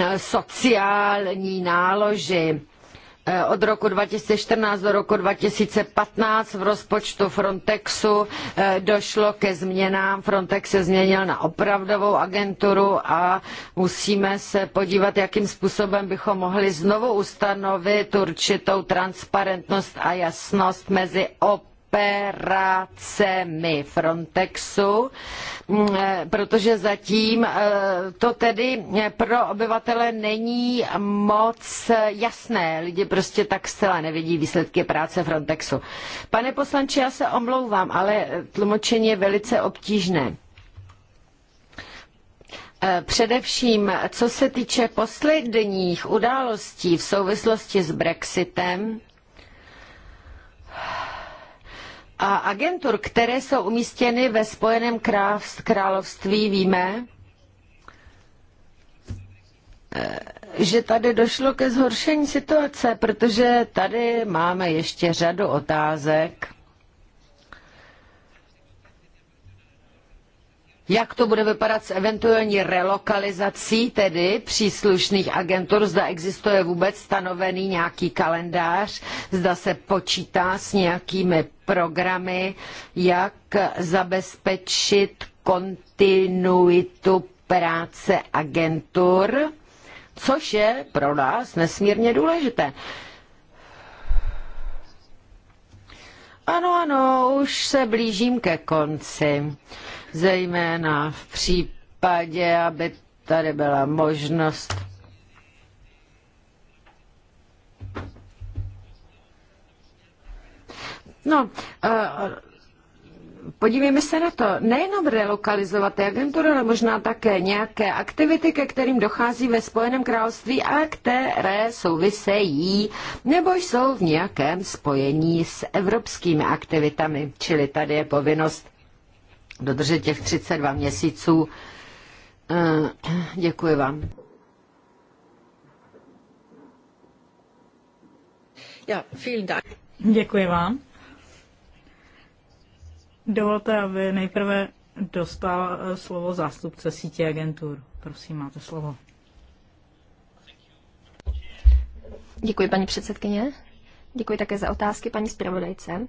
eh, sociální náloži. Eh, od roku 2014 do roku 2015 v rozpočtu Frontexu eh, došlo ke změnám. Frontex se změnil na opravdovou agenturu a musíme se podívat, jakým způsobem bychom mohli znovu ustanovit určitou transparentnost a jasnost mezi op operacemi Frontexu, mm, eh, protože zatím eh, to tedy pro obyvatele není moc jasné. Lidi prostě tak zcela nevidí výsledky práce Frontexu. Pane poslanče, já se omlouvám, ale tlumočení je velice obtížné. Eh, především, co se týče posledních událostí v souvislosti s Brexitem, A agentur, které jsou umístěny ve Spojeném království, víme, eh, že tady došlo ke zhoršení situace, protože tady máme ještě řadu otázek Jak to bude vypadat s eventuální relokalizací tedy příslušných agentur? Zda existuje vůbec stanovený nějaký kalendář? Zda se počítá s nějakými programy, jak zabezpečit kontinuitu práce agentur, což je pro nás nesmírně důležité. Ano, ano, už se blížím ke konci zejména v případě, aby tady byla možnost No, podívejme se na to. Nejenom relokalizovat ty agentury, ale možná také nějaké aktivity, ke kterým dochází ve Spojeném království a které souvisejí nebo jsou v nějakém spojení s evropskými aktivitami. Čili tady je povinnost dodržet těch 32 měsíců. Eh, děkuji vám. Děkuji vám. Dovolte, aby nejprve dostal eh, slovo zástupce sítě agentur. Prosím, máte slovo. Děkuji, paní předsedkyně. Děkuji také za otázky paní zpravodajce.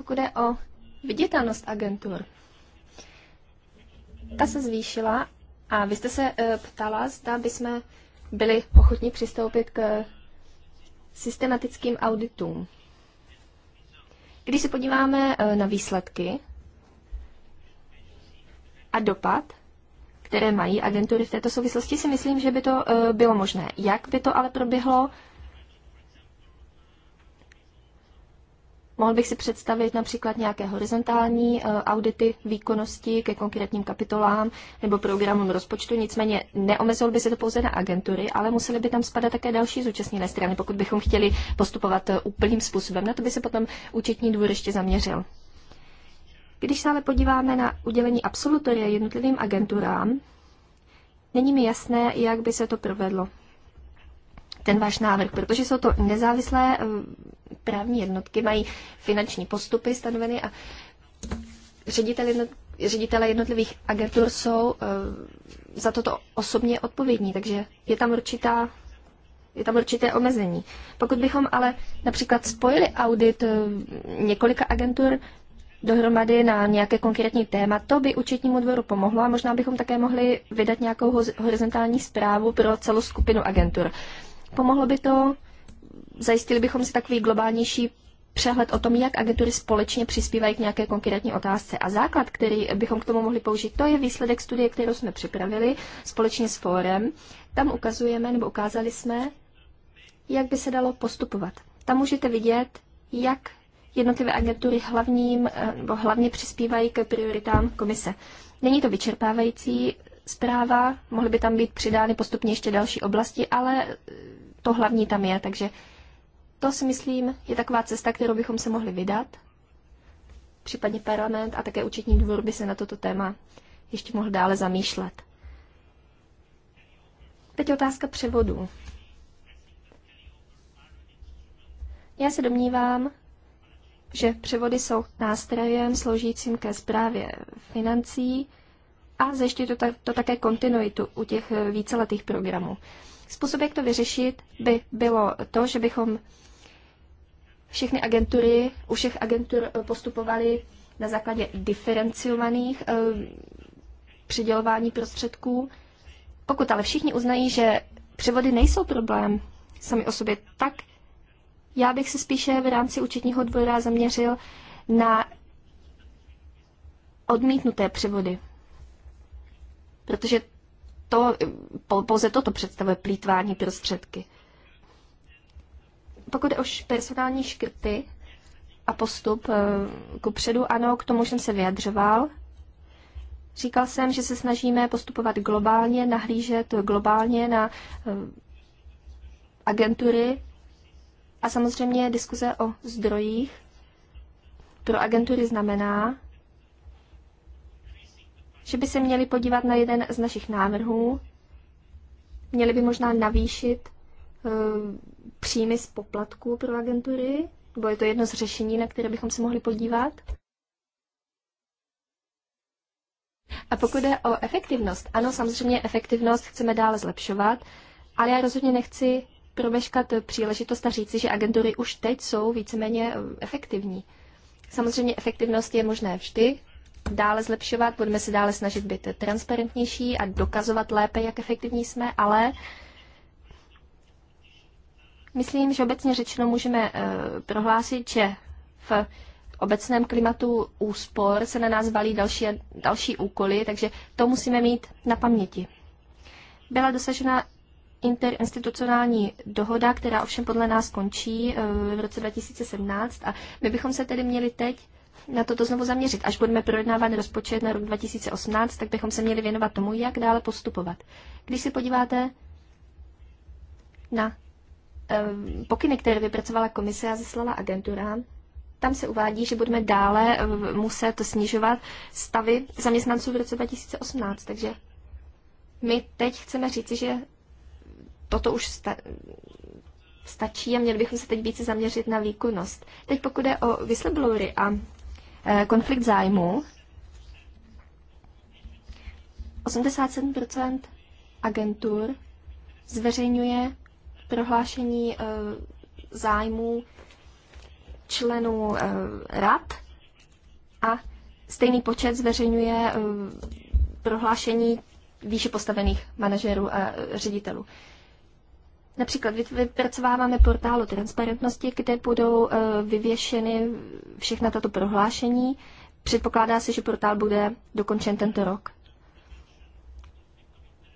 Pokud je o viditelnost agentur, ta se zvýšila a vy jste se eh, ptala, zda bychom byli ochotni přistoupit k systematickým auditům. Když se podíváme eh, na výsledky a dopad, které mají agentury v této souvislosti, si myslím, že by to eh, bylo možné. Jak by to ale proběhlo, Mohl bych si představit například nějaké horizontální eh, audity výkonnosti ke konkrétním kapitolám nebo programům rozpočtu, nicméně neomezil by se to pouze na agentury, ale museli by tam spadat také další zúčastněné strany, pokud bychom chtěli postupovat eh, úplným způsobem. Na to by se potom účetní dvůr ještě zaměřil. Když se ale podíváme na udělení absolutoria jednotlivým agenturám, není mi jasné, jak by se to provedlo ten váš návrh, protože jsou to nezávislé eh, právní jednotky mají finanční postupy stanoveny a ředitel ředitele jednotlivých agentur jsou eh, za toto osobně odpovědní, takže je tam určitá je tam určité omezení. Pokud bychom ale například spojili audit eh, několika agentur dohromady na nějaké konkrétní téma, to by účetnímu dvoru pomohlo a možná bychom také mohli vydat nějakou horizontální zprávu pro celou skupinu agentur. Pomohlo by to zajistili bychom si takový globálnější přehled o tom, jak agentury společně přispívají k nějaké konkrétní otázce. A základ, který bychom k tomu mohli použít, to je výsledek studie, kterou jsme připravili společně s fórem. Tam ukazujeme, nebo ukázali jsme, jak by se dalo postupovat. Tam můžete vidět, jak jednotlivé agentury hlavním, eh, nebo hlavně přispívají k prioritám komise. Není to vyčerpávající zpráva, mohly by tam být přidány postupně ještě další oblasti, ale to hlavní tam je, takže to si myslím je taková cesta, kterou bychom se mohli vydat. Případně parlament a také účetní dvůr by se na toto téma ještě mohl dále zamýšlet. Teď otázka převodu. Já se domnívám, že převody jsou nástrojem sloužícím ke zprávě financí a zajišťuje to, to také kontinuitu u těch víceletých programů. Způsob, jak to vyřešit, by bylo to, že bychom všechny agentury, u všech agentur eh, postupovaly na základě diferenciovaných eh, přidělování prostředků. Pokud ale všichni uznají, že převody nejsou problém sami o sobě, tak já bych se spíše v rámci účetního dvora zaměřil na odmítnuté převody. Protože to, eh, pouze toto představuje plítvání prostředky pokud je personální škrty a postup eh, ku předu, ano, k tomu jsem se vyjadřoval. Říkal jsem, že se snažíme postupovat globálně, nahlížet globálně na eh, agentury a samozřejmě diskuze o zdrojích pro agentury znamená, že by se měli podívat na jeden z našich návrhů, měli by možná navýšit eh, příjmy z poplatků pro agentury? Nebo je to jedno z řešení, na které bychom se mohli podívat? A pokud jde o efektivnost, ano, samozřejmě efektivnost chceme dále zlepšovat, ale já rozhodně nechci promeškat příležitost a říci, že agentury už teď jsou víceméně eh, efektivní. Samozřejmě efektivnost je možné vždy dále zlepšovat, budeme se dále snažit být transparentnější a dokazovat lépe, jak efektivní jsme, ale Myslím, že obecně řečeno můžeme eh, prohlásit, že v obecném klimatu úspor se na nás valí další, další úkoly, takže to musíme mít na paměti. Byla dosažena interinstitucionální dohoda, která ovšem podle nás končí eh, v roce 2017 a my bychom se tedy měli teď na toto znovu zaměřit. Až budeme projednávat rozpočet na rok 2018, tak bychom se měli věnovat tomu, jak dále postupovat. Když se podíváte na pokyny, které vypracovala komise a zaslala agentura, tam se uvádí, že budeme dále muset snižovat stavy zaměstnanců v roce 2018. Takže my teď chceme říci, že toto už sta- stačí a měli bychom se teď více zaměřit na výkonnost. Teď pokud je o whistleblowery a e, konflikt zájmu, 87% agentur zveřejňuje prohlášení eh, zájmů členů eh, rad a stejný počet zveřejňuje eh, prohlášení výše postavených manažerů a ředitelů. Například vypracováváme portál o transparentnosti, kde budou vyvěšeny všechna tato prohlášení. Předpokládá se, že portál bude dokončen tento rok.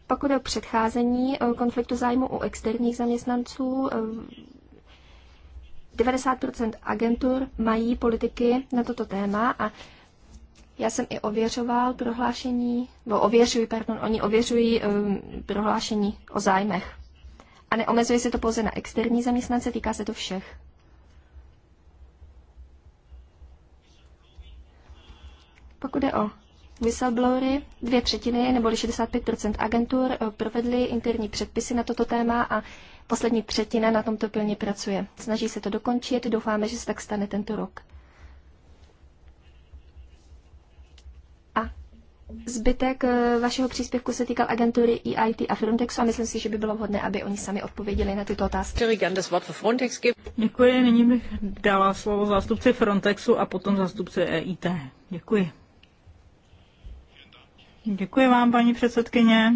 Pokud je o předcházení eh, konfliktu zájmu u externích zaměstnanců, 90% eh, agentur mají politiky na toto téma a já jsem i ověřoval prohlášení, nebo ověřuji, pardon, oni ověřují um, prohlášení o zájmech. A neomezuje se to pouze na externí zaměstnance, týká se to všech. Pokud je o whistleblowery, dvě třetiny nebo 65 agentur eh, provedly interní předpisy na toto téma a poslední třetina na tomto pilně pracuje. Snaží se to dokončit, doufáme, že se tak stane tento rok. A zbytek eh, vašeho příspěvku se týkal agentury EIT a Frontexu a myslím si, že by bylo vhodné, aby oni sami odpověděli na tyto otázky. Děkuji, nyní bych dala slovo zástupci Frontexu a potom zástupci EIT. Děkuji. Děkuji vám, paní předsedkyně.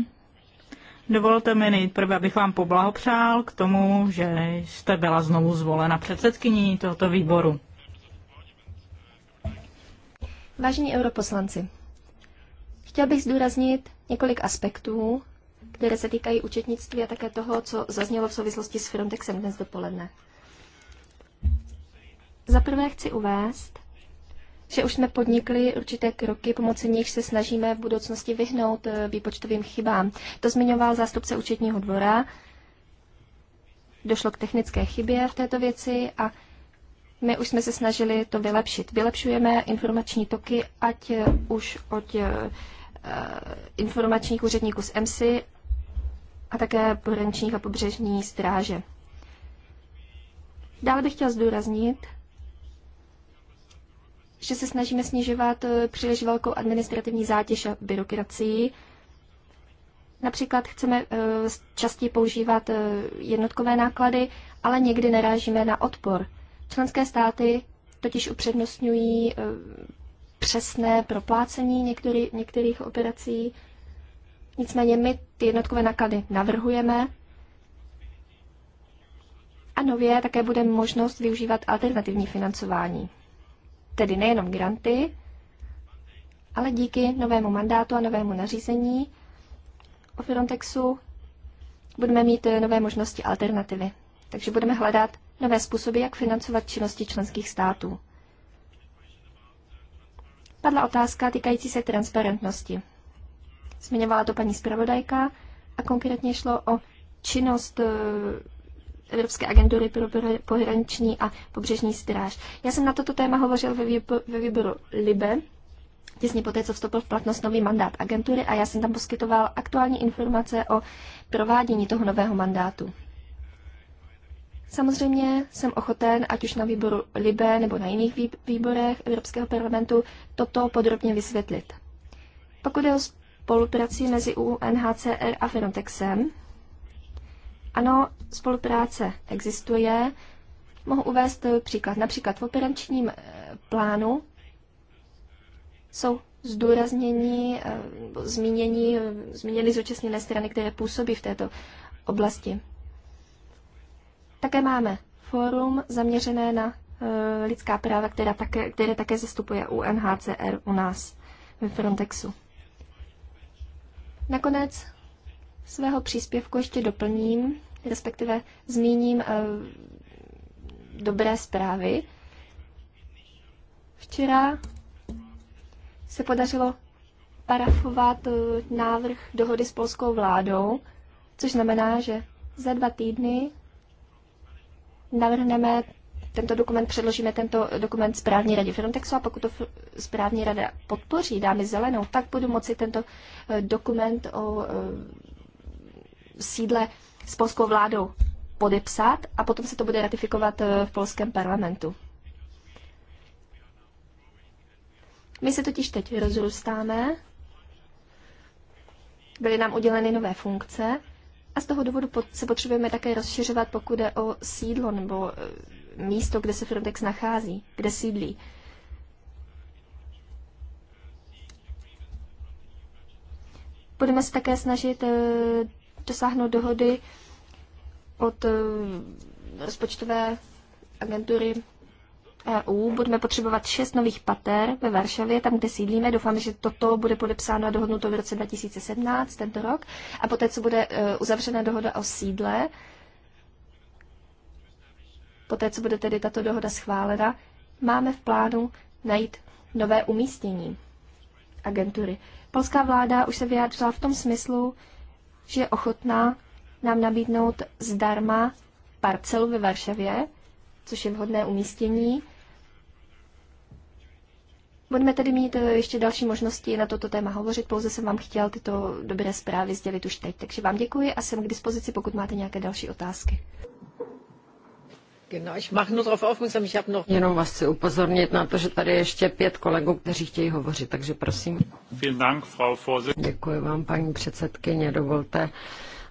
Dovolte mi nejprve, abych vám poblahopřál k tomu, že jste byla znovu zvolena předsedkyní tohoto výboru. Vážení europoslanci, chtěl bych zdůraznit několik aspektů, které se týkají účetnictví a také toho, co zaznělo v souvislosti s Frontexem dnes dopoledne. Za prvé chci uvést, že už jsme podnikli určité kroky, pomocí nich se snažíme v budoucnosti vyhnout eh, výpočtovým chybám. To zmiňoval zástupce účetního dvora. Došlo k technické chybě v této věci a my už jsme se snažili to vylepšit. Vylepšujeme informační toky, ať eh, už od eh, informačních úředníků z EMSI a také pohraničních a pobřežní stráže. Dále bych chtěla zdůraznit, že se snažíme snižovat eh, příliš velkou administrativní zátěž a byrokracii. Například chceme eh, častěji používat eh, jednotkové náklady, ale někdy narážíme na odpor. Členské státy totiž upřednostňují přesné proplácení některý, některých operací. Nicméně my ty jednotkové náklady navrhujeme a nově také bude možnost využívat alternativní financování tedy nejenom granty, ale díky novému mandátu a novému nařízení o Frontexu budeme mít eh, nové možnosti alternativy. Takže budeme hledat nové způsoby, jak financovat činnosti členských států. Padla otázka týkající se transparentnosti. Zmiňovala to paní zpravodajka a konkrétně šlo o činnost eh, Evropské agentury pro pohraniční a pobřežní stráž. Já jsem na toto téma hovořil ve výboru LIBE, těsně poté, co vstoupil v platnost nový mandát agentury a já jsem tam poskytoval aktuální informace o provádění toho nového mandátu. Samozřejmě jsem ochoten, ať už na výboru LIBE nebo na jiných výborech Evropského parlamentu, toto podrobně vysvětlit. Pokud je o spolupráci mezi UNHCR a Frontexem, ano, spolupráce existuje. Mohu uvést eh, příklad. Například v operačním eh, plánu jsou zdůraznění, eh, zmínění, zmíněny zúčastněné strany, které působí v této oblasti. Také máme fórum zaměřené na lidská práva, které také, které také zastupuje UNHCR u nás ve Frontexu. Nakonec svého příspěvku ještě doplním, respektive zmíním eh, dobré zprávy. Včera se podařilo parafovat eh, návrh dohody s polskou vládou, což znamená, že za dva týdny navrhneme tento dokument, předložíme tento dokument správní radě Frontexu a pokud to správní rada podpoří, dá mi zelenou, tak budu moci tento eh, dokument o sídle s polskou vládou podepsat a potom se to bude ratifikovat eh, v polském parlamentu. My se totiž teď rozrůstáme, byly nám uděleny nové funkce a z toho důvodu se potřebujeme také rozšiřovat, pokud jde o sídlo nebo eh, místo, kde se Frontex nachází, kde sídlí. Budeme se také snažit eh, dosáhnout dohody od eh, rozpočtové agentury EU. Budeme potřebovat šest nových pater ve Varšavě, tam, kde sídlíme. Doufám, že toto bude podepsáno a dohodnuto v roce 2017, tento rok. A poté, co bude eh, uzavřena dohoda o sídle, poté, co bude tedy tato dohoda schválena, máme v plánu najít nové umístění agentury. Polská vláda už se vyjádřila v tom smyslu, že je ochotná nám nabídnout zdarma parcelu ve Varšavě, což je vhodné umístění. Budeme tedy mít eh, ještě další možnosti na toto téma hovořit, pouze jsem vám chtěl tyto dobré zprávy sdělit už teď. Takže vám děkuji a jsem k dispozici, pokud máte nějaké další otázky. Jenom vás chci upozornit na to, že tady je ještě pět kolegů, kteří chtějí hovořit, takže prosím. Děkuji vám, paní předsedkyně. Dovolte,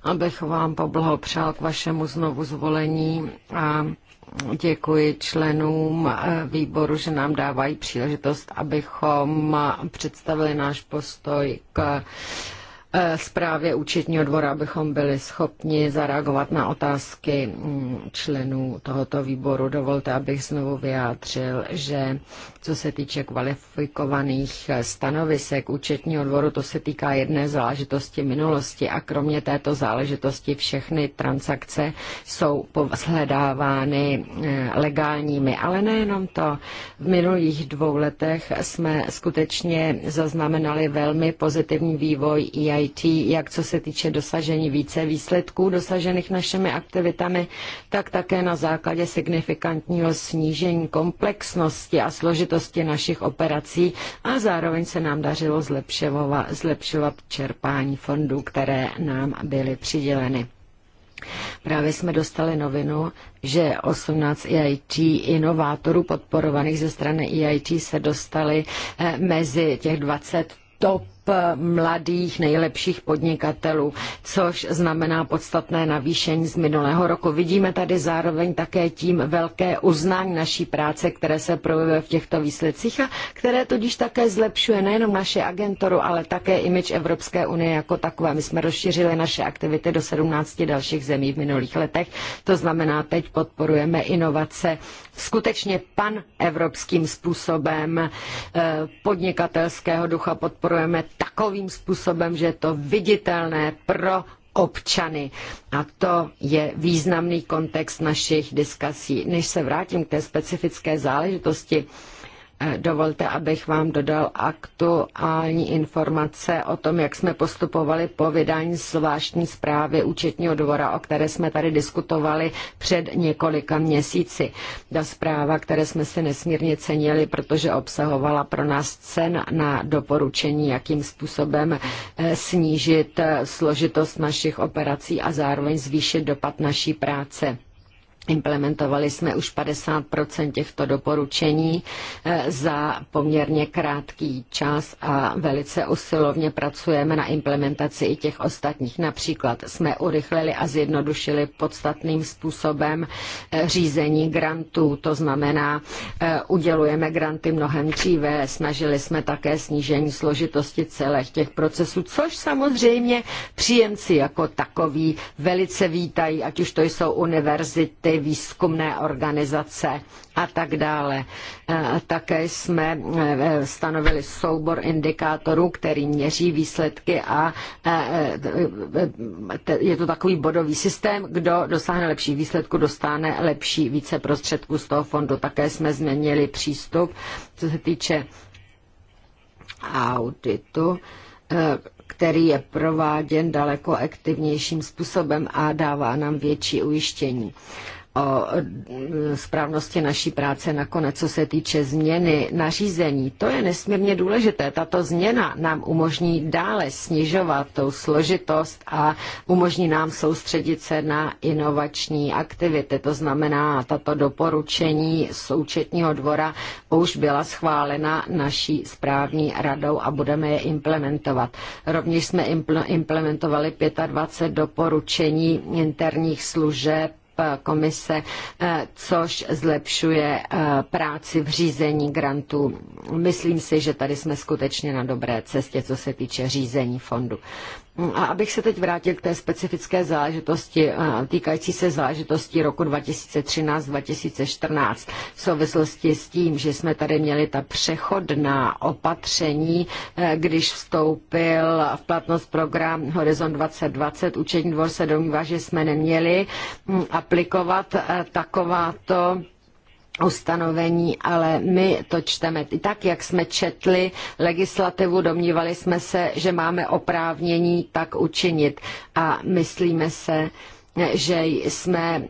abych vám poblhopřál k vašemu znovu zvolení a Děkuji členům eh, výboru, že nám dávají příležitost, abychom představili náš postoj k Eh, zprávě účetního dvora, abychom byli schopni zareagovat na otázky mm, členů tohoto výboru. Dovolte, abych znovu vyjádřil, že co se týče kvalifikovaných eh, stanovisek účetního dvoru, to se týká jedné záležitosti minulosti a kromě této záležitosti všechny transakce jsou shledávány eh, legálními. Ale nejenom to. V minulých dvou letech jsme skutečně zaznamenali velmi pozitivní vývoj e i. IT, jak co se týče dosažení více výsledků dosažených našimi aktivitami, tak také na základě signifikantního snížení komplexnosti a složitosti našich operací a zároveň se nám dařilo zlepšovat, zlepšovat čerpání fondů, které nám byly přiděleny. Právě jsme dostali novinu, že 18 EIT inovátorů podporovaných ze strany EIT se dostali eh, mezi těch 20 top mladých nejlepších podnikatelů, což znamená podstatné navýšení z minulého roku. Vidíme tady zároveň také tím velké uznání naší práce, které se projevuje v těchto výsledcích a které tudíž také zlepšuje nejenom naše agenturu, ale také image Evropské unie jako takové. My jsme rozšířili naše aktivity do 17 dalších zemí v minulých letech. To znamená, teď podporujeme inovace skutečně panevropským způsobem eh, podnikatelského ducha podporujeme takovým způsobem, že je to viditelné pro občany. A to je významný kontext našich diskusí. Než se vrátím k té specifické záležitosti, Eh, dovolte, abych vám dodal aktuální informace o tom, jak jsme postupovali po vydání zvláštní zprávy účetního dvora, o které jsme tady diskutovali před několika měsíci. Ta zpráva, které jsme si nesmírně cenili, protože obsahovala pro nás cen na doporučení, jakým způsobem eh, snížit eh, složitost našich operací a zároveň zvýšit dopad naší práce. Implementovali jsme už 50 těchto doporučení eh, za poměrně krátký čas a velice usilovně pracujeme na implementaci i těch ostatních. Například jsme urychlili a zjednodušili podstatným způsobem eh, řízení grantů, to znamená, eh, udělujeme granty mnohem dříve, snažili jsme také snížení složitosti celých těch procesů, což samozřejmě příjemci jako takový velice vítají, ať už to jsou univerzity, výzkumné organizace a tak dále. E, také jsme e, stanovili soubor indikátorů, který měří výsledky a e, je to takový bodový systém, kdo dosáhne lepší výsledku, dostane lepší více prostředků z toho fondu. Také jsme změnili přístup, co se týče auditu který je prováděn daleko aktivnějším způsobem a dává nám větší ujištění o správnosti naší práce nakonec, co se týče změny nařízení. To je nesmírně důležité. Tato změna nám umožní dále snižovat tou složitost a umožní nám soustředit se na inovační aktivity. To znamená, tato doporučení součetního dvora už byla schválena naší správní radou a budeme je implementovat. Rovněž jsme implementovali 25 doporučení interních služeb komise, eh, což zlepšuje eh, práci v řízení grantů. Myslím si, že tady jsme skutečně na dobré cestě, co se týče řízení fondu. A abych se teď vrátil k té specifické záležitosti, týkající se záležitosti roku 2013-2014 v souvislosti s tím, že jsme tady měli ta přechodná opatření, eh, když vstoupil v platnost program Horizon 2020. Učení dvor se domnívá, že jsme neměli hm, aplikovat eh, takováto ustanovení, ale my to čteme i tak, jak jsme četli legislativu, domnívali jsme se, že máme oprávnění tak učinit a myslíme se, že jsme eh,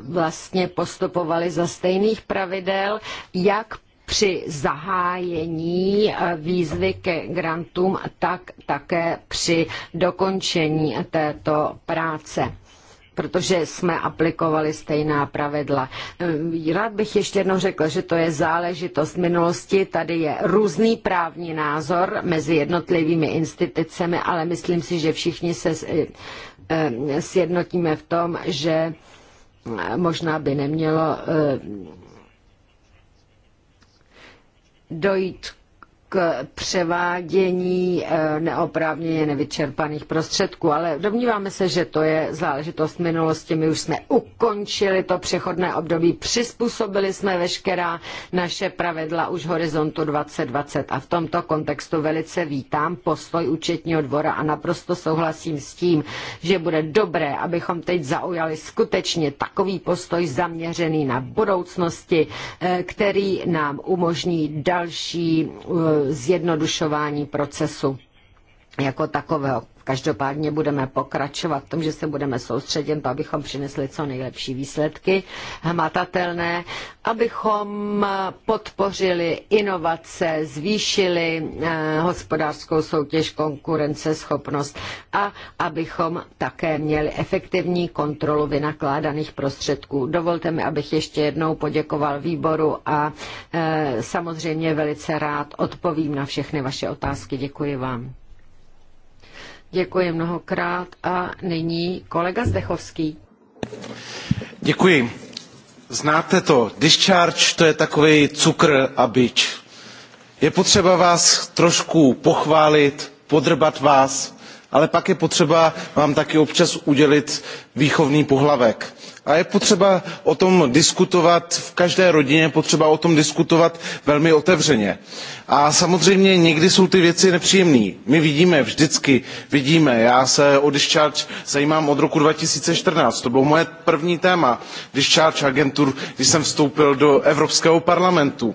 vlastně postupovali za stejných pravidel, jak při zahájení eh, výzvy ke grantům, tak také při dokončení této práce protože jsme aplikovali stejná pravidla. Ehm, rád bych ještě jednou řekl, že to je záležitost minulosti. Tady je různý právní názor mezi jednotlivými institucemi, ale myslím si, že všichni se e, ehm, sjednotíme v tom, že e, možná by nemělo ehm, dojít k převádění eh, neoprávněně nevyčerpaných prostředků, ale domníváme se, že to je záležitost minulosti. My už jsme ukončili to přechodné období, přizpůsobili jsme veškerá naše pravidla už horizontu 2020 a v tomto kontextu velice vítám postoj účetního dvora a naprosto souhlasím s tím, že bude dobré, abychom teď zaujali skutečně takový postoj zaměřený na budoucnosti, eh, který nám umožní další eh, zjednodušování procesu jako takového. Každopádně budeme pokračovat v tom, že se budeme soustředit, abychom přinesli co nejlepší výsledky hmatatelné, abychom podpořili inovace, zvýšili eh, hospodářskou soutěž, konkurenceschopnost a abychom také měli efektivní kontrolu vynakládaných prostředků. Dovolte mi, abych ještě jednou poděkoval výboru a eh, samozřejmě velice rád odpovím na všechny vaše otázky. Děkuji vám. Děkuji mnohokrát a nyní kolega Zdechovský. Děkuji. Znáte to, discharge to je takový cukr a bič. Je potřeba vás trošku pochválit, podrbat vás, ale pak je potřeba vám taky občas udělit výchovný pohlavek a je potřeba o tom diskutovat v každé rodině je potřeba o tom diskutovat velmi otevřeně. a samozřejmě někdy jsou ty věci nepříjemné my vidíme vždycky vidíme já se o discharge zajímám od roku two thousand and fourteen to bylo moje první téma discharge agentur když jsem vstoupil do evropského parlamentu.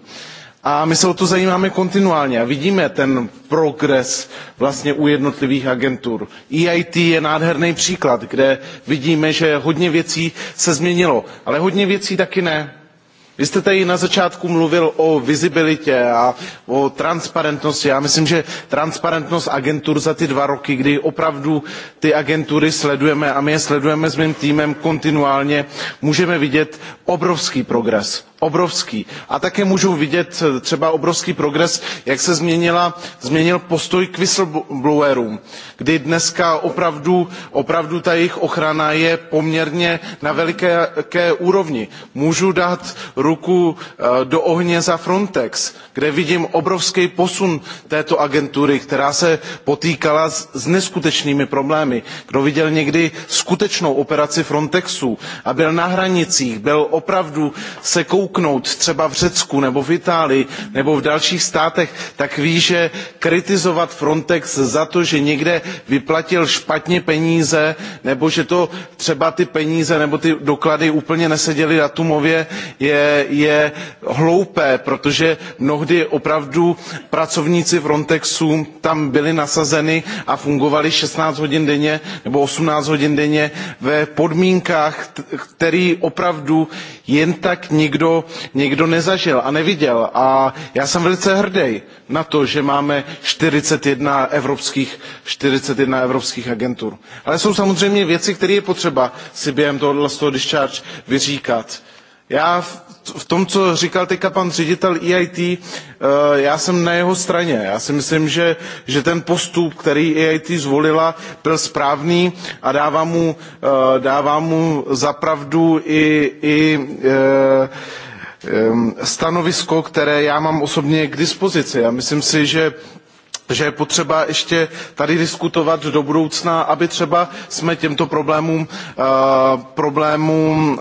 A my se o to zajímáme kontinuálně a vidíme ten progres vlastně u jednotlivých agentur. EIT je nádherný příklad, kde vidíme, že hodně věcí se změnilo, ale hodně věcí taky ne vy jste tady na začátku mluvil o vizibilitě a o transparentnosti. Já myslím, že transparentnost agentur za ty dva roky, kdy opravdu ty agentury sledujeme a my je sledujeme s mým týmem kontinuálně, můžeme vidět obrovský progres. Obrovský. A také můžu vidět třeba obrovský progres, jak se změnila, změnil postoj k whistleblowerům, kdy dneska opravdu, opravdu ta jejich ochrana je poměrně na veliké úrovni. Můžu dát ruku eh, do ohně za Frontex, kde vidím obrovský posun této agentury, která se potýkala s, neskutečnými problémy. Kdo viděl někdy skutečnou operaci Frontexu a byl na hranicích, byl opravdu se kouknout třeba v Řecku nebo v Itálii nebo v dalších státech, tak ví, že kritizovat Frontex za to, že někde vyplatil špatně peníze nebo že to třeba ty peníze nebo ty doklady úplně neseděly datumově, je je hloupé, protože mnohdy opravdu pracovníci Frontexu tam byli nasazeni a fungovali 16 hodin denně nebo 18 hodin denně ve podmínkách, které opravdu jen tak nikdo, nikdo nezažil a neviděl. A já jsem velice hrdý na to, že máme 41 evropských, 41 evropských agentur. Ale jsou samozřejmě věci, které je potřeba si během tohoto discharge vyříkat. Já v tom, co říkal teďka pan ředitel EIT, eh, já jsem na jeho straně. Já si myslím, že, že ten postup, který EIT zvolila, byl správný a dává mu, eh, dává mu zapravdu i, i eh, stanovisko, které já mám osobně k dispozici. Já myslím si, že že je potřeba ještě tady diskutovat do budoucna aby třeba jsme těmto problémům, uh, problémům uh,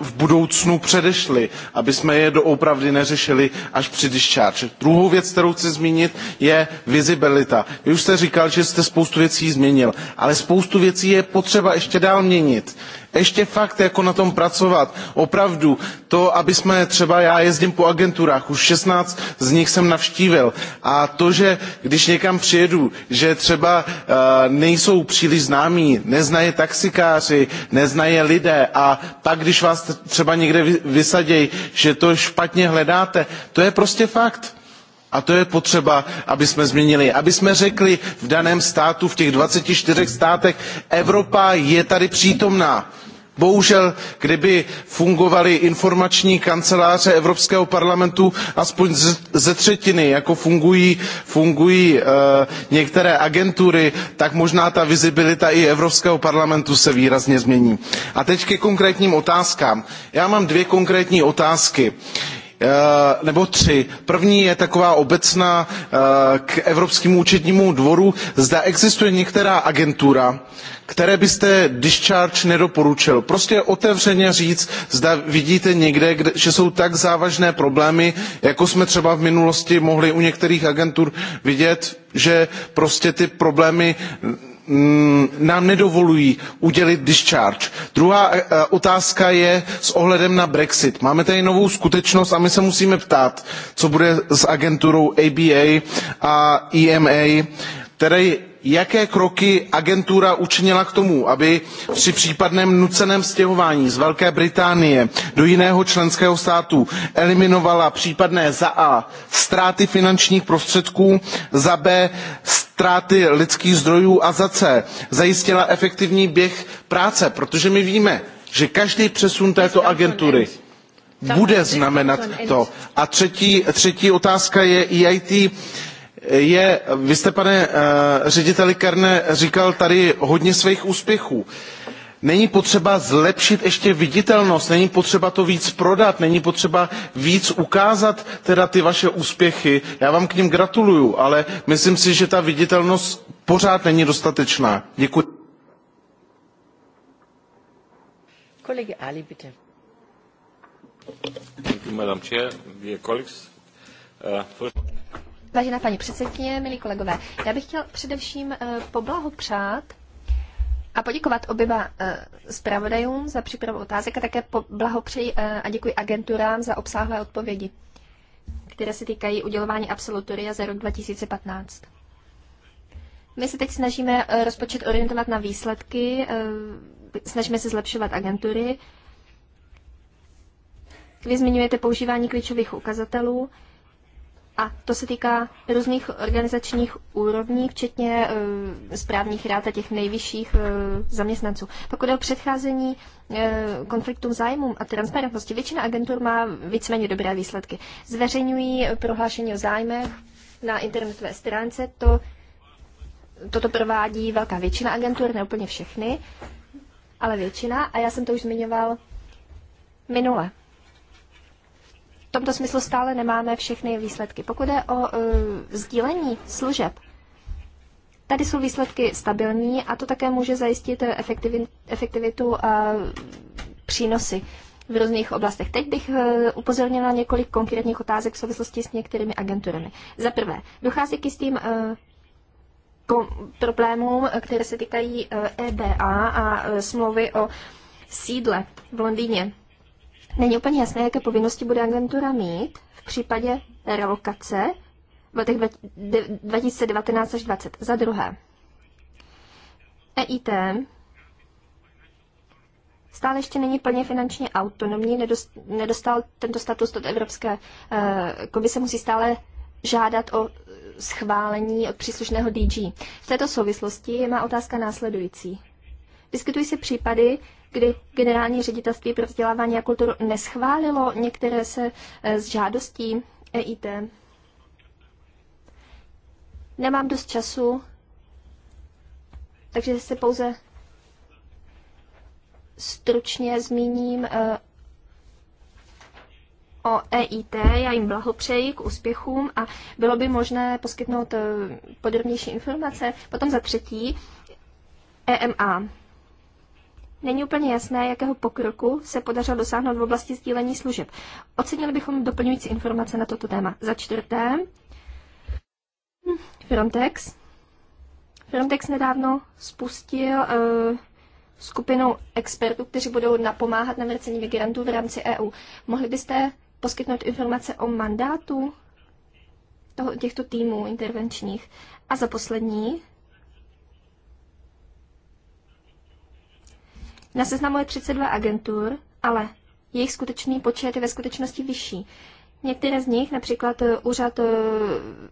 v budoucnu předešli aby jsme je doopravdy neřešili až při discharge. druhou věc kterou chci zmínit je vizibilita. vy už jste říkal že jste spoustu věcí změnil ale spoustu věcí je potřeba ještě dál měnit ještě fakt jako na tom pracovat. Opravdu to, aby jsme třeba já jezdím po agenturách, už 16 z nich jsem navštívil a to, že když někam přijedu, že třeba uh, nejsou příliš známí, neznají taxikáři, neznají lidé a pak, když vás třeba někde vysadějí, že to špatně hledáte, to je prostě fakt. A to je potřeba, aby jsme změnili. Aby jsme řekli v daném státu, v těch 24 státech, Evropa je tady přítomná Bohužel, kdyby fungovaly informační kanceláře Evropského parlamentu aspoň ze třetiny, jako fungují, fungují e, některé agentury, tak možná ta vizibilita i Evropského parlamentu se výrazně změní. A teď ke konkrétním otázkám. Já mám dvě konkrétní otázky. Eh, nebo tři. První je taková obecná eh, k Evropskému účetnímu dvoru. Zda existuje některá agentura, které byste discharge nedoporučil. Prostě otevřeně říct, zda vidíte někde, kde, že jsou tak závažné problémy, jako jsme třeba v minulosti mohli u některých agentur vidět, že prostě ty problémy Mm, nám nedovolují udělit discharge. Druhá e, e, otázka je s ohledem na Brexit. Máme tady novou skutečnost a my se musíme ptát, co bude s agenturou ABA a EMA. které jaké kroky agentura učinila k tomu, aby při případném nuceném stěhování z Velké Británie do jiného členského státu eliminovala případné za A ztráty finančních prostředků, za B ztráty lidských zdrojů a za C zajistila efektivní běh práce, protože my víme, že každý přesun této agentury bude znamenat to. A třetí, třetí otázka je EIT je, vy jste pane eh, řediteli Kerne říkal tady hodně svých úspěchů. Není potřeba zlepšit ještě viditelnost, není potřeba to víc prodat, není potřeba víc ukázat teda ty vaše úspěchy. Já vám k nim gratuluju, ale myslím si, že ta viditelnost pořád není dostatečná. Děkuji. Kolega Ali, bitte. Děkuji, Madam Chair, Uh, Vážená paní předsedkyně, milí kolegové, já bych chtěl především eh, poblahopřát a poděkovat oběma eh, zpravodajům za přípravu otázek a také blahopřeji eh, a děkuji agenturám za obsáhlé odpovědi, které se týkají udělování absolutoria za rok 2015. My se teď snažíme rozpočet orientovat na výsledky, snažíme se zlepšovat agentury. Vy zmiňujete používání klíčových ukazatelů. A to se týká různých organizačních úrovní, včetně e, správních rád a těch nejvyšších e, zaměstnanců. Pokud je o předcházení e, konfliktům zájmům a transparentnosti, většina agentur má víceméně dobré výsledky. Zveřejňují prohlášení o zájmech na internetové stránce, to, toto provádí velká většina agentur, ne úplně všechny, ale většina. A já jsem to už zmiňoval minule tomto smyslu stále nemáme všechny výsledky. Pokud je o e, sdílení služeb, tady jsou výsledky stabilní a to také může zajistit e, efektivitu a přínosy v různých oblastech. Teď bych e, upozornila několik konkrétních otázek v souvislosti s některými agenturami. Za prvé, dochází k jistým problémům, které se týkají EBA a smlouvy o sídle v Londýně. Není úplně jasné, jaké povinnosti bude agentura mít v případě relokace v letech 2019 až 20. Za druhé, EIT stále ještě není plně finančně autonomní, nedostal tento status od Evropské eh, komise, musí stále žádat o schválení od příslušného DG. V této souvislosti je má otázka následující. Vyskytují se případy, kdy generální ředitelství pro vzdělávání a kulturu neschválilo některé se s eh, žádostí EIT. Nemám dost času, takže se pouze stručně zmíním eh, o EIT. Já jim blahopřeji k úspěchům a bylo by možné poskytnout eh, podrobnější informace. Potom za třetí EMA. Není úplně jasné, jakého pokroku se podařilo dosáhnout v oblasti sdílení služeb. Ocenili bychom doplňující informace na toto téma. Za čtvrté, Frontex. Frontex nedávno spustil uh, skupinu expertů, kteří budou napomáhat na vracení migrantů v rámci EU. Mohli byste poskytnout informace o mandátu toho, těchto týmů intervenčních? A za poslední, Na seznamu je 32 agentur, ale jejich skutečný počet je ve skutečnosti vyšší. Některé z nich, například eh, Úřad eh,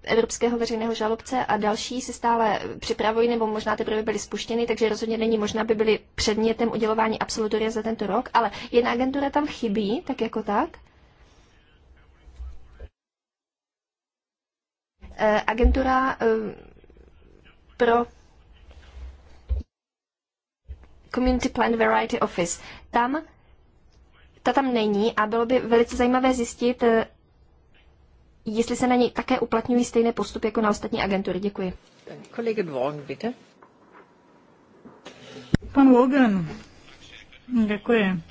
Evropského veřejného žalobce a další, se stále připravují nebo možná teprve byly spuštěny, takže rozhodně není možná, by byly předmětem udělování absolutoria za tento rok, ale jedna agentura tam chybí, tak jako tak. Eh, agentura pro Community Plant Variety Office. Tam ta tam není a bylo by velice zajímavé zjistit, eh, jestli se na něj také uplatňují stejné postupy jako na ostatní agentury. Děkuji. Kolega Dvorn, bitte. Pan Wogan, děkuji.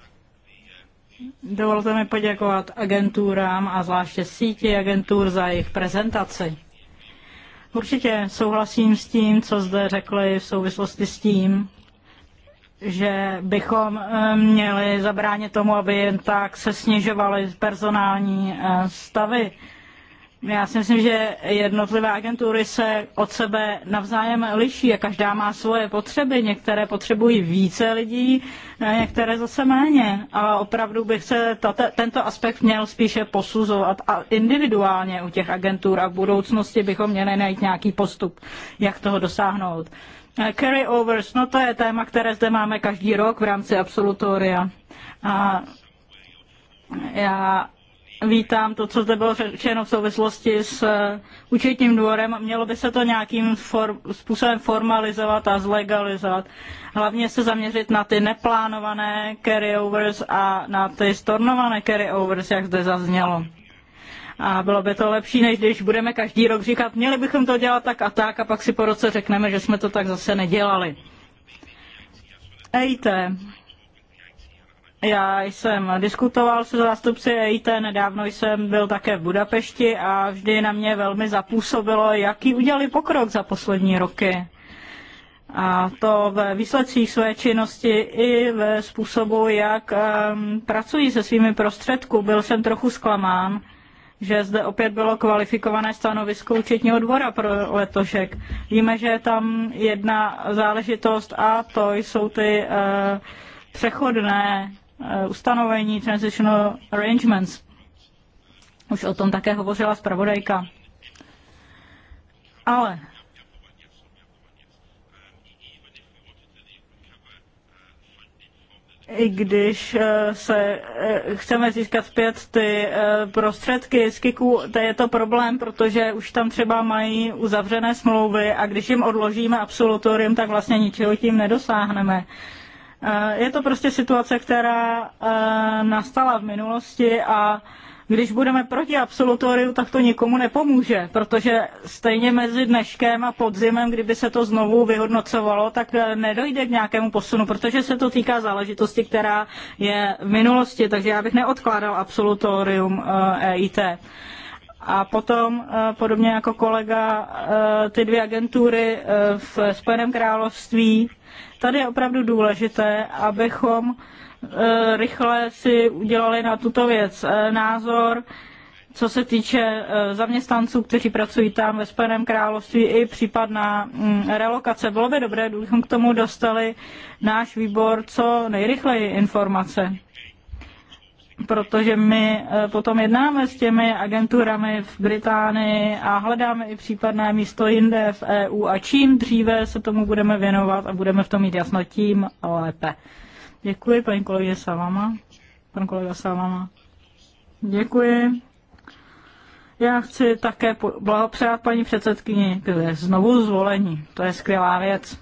Dovolte mi poděkovat agenturám a zvláště síti agentur za jejich prezentaci. Určitě souhlasím s tím, co zde řekli v souvislosti s tím, že bychom eh, měli zabránit tomu, aby jen tak se snižovaly personální eh, stavy. Já si myslím, že jednotlivé agentury se od sebe navzájem liší a každá má svoje potřeby. Některé potřebují více lidí, eh, některé zase méně. A opravdu bych se tato, tento aspekt měl spíše posuzovat a individuálně u těch agentur a v budoucnosti bychom měli najít nějaký postup, jak toho dosáhnout. Carryovers, no to je téma, které zde máme každý rok v rámci absolutoria. A já vítám to, co zde bylo řečeno v souvislosti s eh, účetním dvorem. Mělo by se to nějakým for, způsobem formalizovat a zlegalizovat. Hlavně se zaměřit na ty neplánované carryovers a na ty stornované carryovers, jak zde zaznělo. A bylo by to lepší, než když budeme každý rok říkat, měli bychom to dělat tak a tak a pak si po roce řekneme, že jsme to tak zase nedělali. EIT. Já jsem diskutoval se zástupci EIT, nedávno jsem byl také v Budapešti a vždy na mě velmi zapůsobilo, jaký udělali pokrok za poslední roky. A to ve výsledcích své činnosti i ve způsobu, jak um, ehm, pracují se svými prostředky. Byl jsem trochu zklamán, že zde opět bylo kvalifikované stanovisko účetního dvora pro letošek. Víme, že je tam jedna záležitost a to jsou ty uh, přechodné uh, ustanovení transitional arrangements. Už o tom také hovořila zpravodajka. Ale i když eh, se eh, chceme získat zpět ty eh, prostředky z kiku, to je to problém, protože už tam třeba mají uzavřené smlouvy a když jim odložíme absolutorium, tak vlastně ničeho tím nedosáhneme. Je to prostě situace, která nastala v minulosti a když budeme proti absolutoriu, tak to nikomu nepomůže, protože stejně mezi dneškem a podzimem, kdyby se to znovu vyhodnocovalo, tak eh, nedojde k nějakému posunu, protože se to týká záležitosti, která je v minulosti, takže já bych neodkládal absolutorium EIT. Eh, e a potom, eh, podobně jako kolega, ty dvě agentury v Spojeném království, tady je opravdu důležité, abychom E, rychle si udělali na tuto věc e, názor, co se týče e, zaměstnanců, kteří pracují tam ve Spojeném království i případná mm, relokace. Bylo by dobré, kdybychom k tomu dostali náš výbor co nejrychleji informace protože my potom jednáme s těmi agenturami v Británii a hledáme i případné místo jinde v EU a čím dříve se tomu budeme věnovat a budeme v tom mít jasno, tím lépe. Děkuji, paní kolegyně Salama. Pan kolega Salama. Děkuji. Já chci také blahopřát paní předsedkyni k znovu zvolení. To je skvělá věc.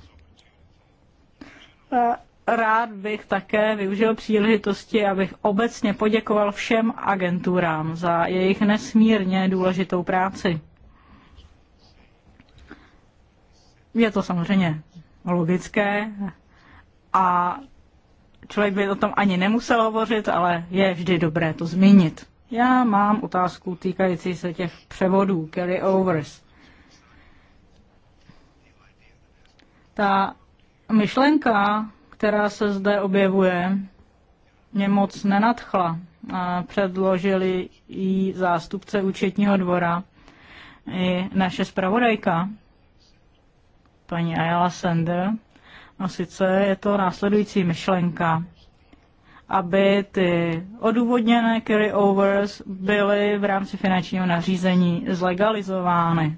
Rád bych také využil příležitosti, abych obecně poděkoval všem agenturám za jejich nesmírně důležitou práci. Je to samozřejmě logické a člověk by o tom ani nemusel hovořit, ale je vždy dobré to zmínit. Já mám otázku týkající se těch převodů, Overs. Ta myšlenka, která se zde objevuje, mě moc nenadchla. Předložili ji zástupce účetního dvora i naše zpravodajka, paní Ayala Sender, a sice je to následující myšlenka, aby ty odůvodněné carryovers byly v rámci finančního nařízení zlegalizovány.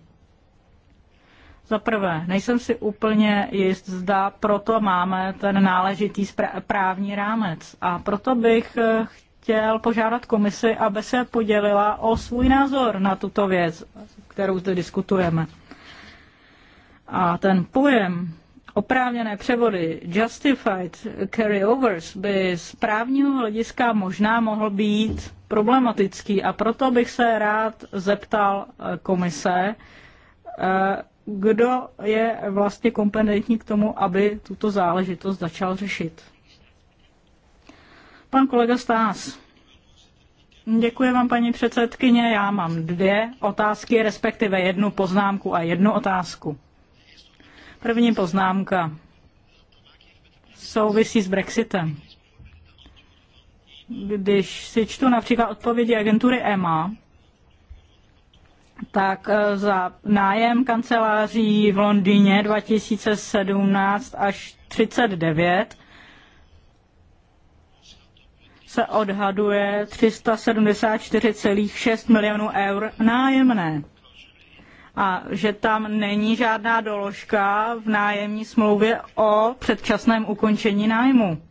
Za prvé, nejsem si úplně jist, zda proto máme ten náležitý právní rámec. A proto bych eh, chtěl požádat komisi, aby se podělila o svůj názor na tuto věc, kterou zde diskutujeme. A ten pojem oprávněné převody justified carryovers by z právního hlediska možná mohl být problematický a proto bych se rád zeptal eh, komise, eh, kdo je vlastně kompetentní k tomu, aby tuto záležitost začal řešit. Pan kolega Stás. Děkuji vám, paní předsedkyně. Já mám dvě otázky, respektive jednu poznámku a jednu otázku. První poznámka souvisí s Brexitem. Když si čtu například odpovědi agentury EMA, tak eh, za nájem kanceláří v Londýně 2017 až 39 se odhaduje 374,6 milionů eur nájemné a že tam není žádná doložka v nájemní smlouvě o předčasném ukončení nájmu.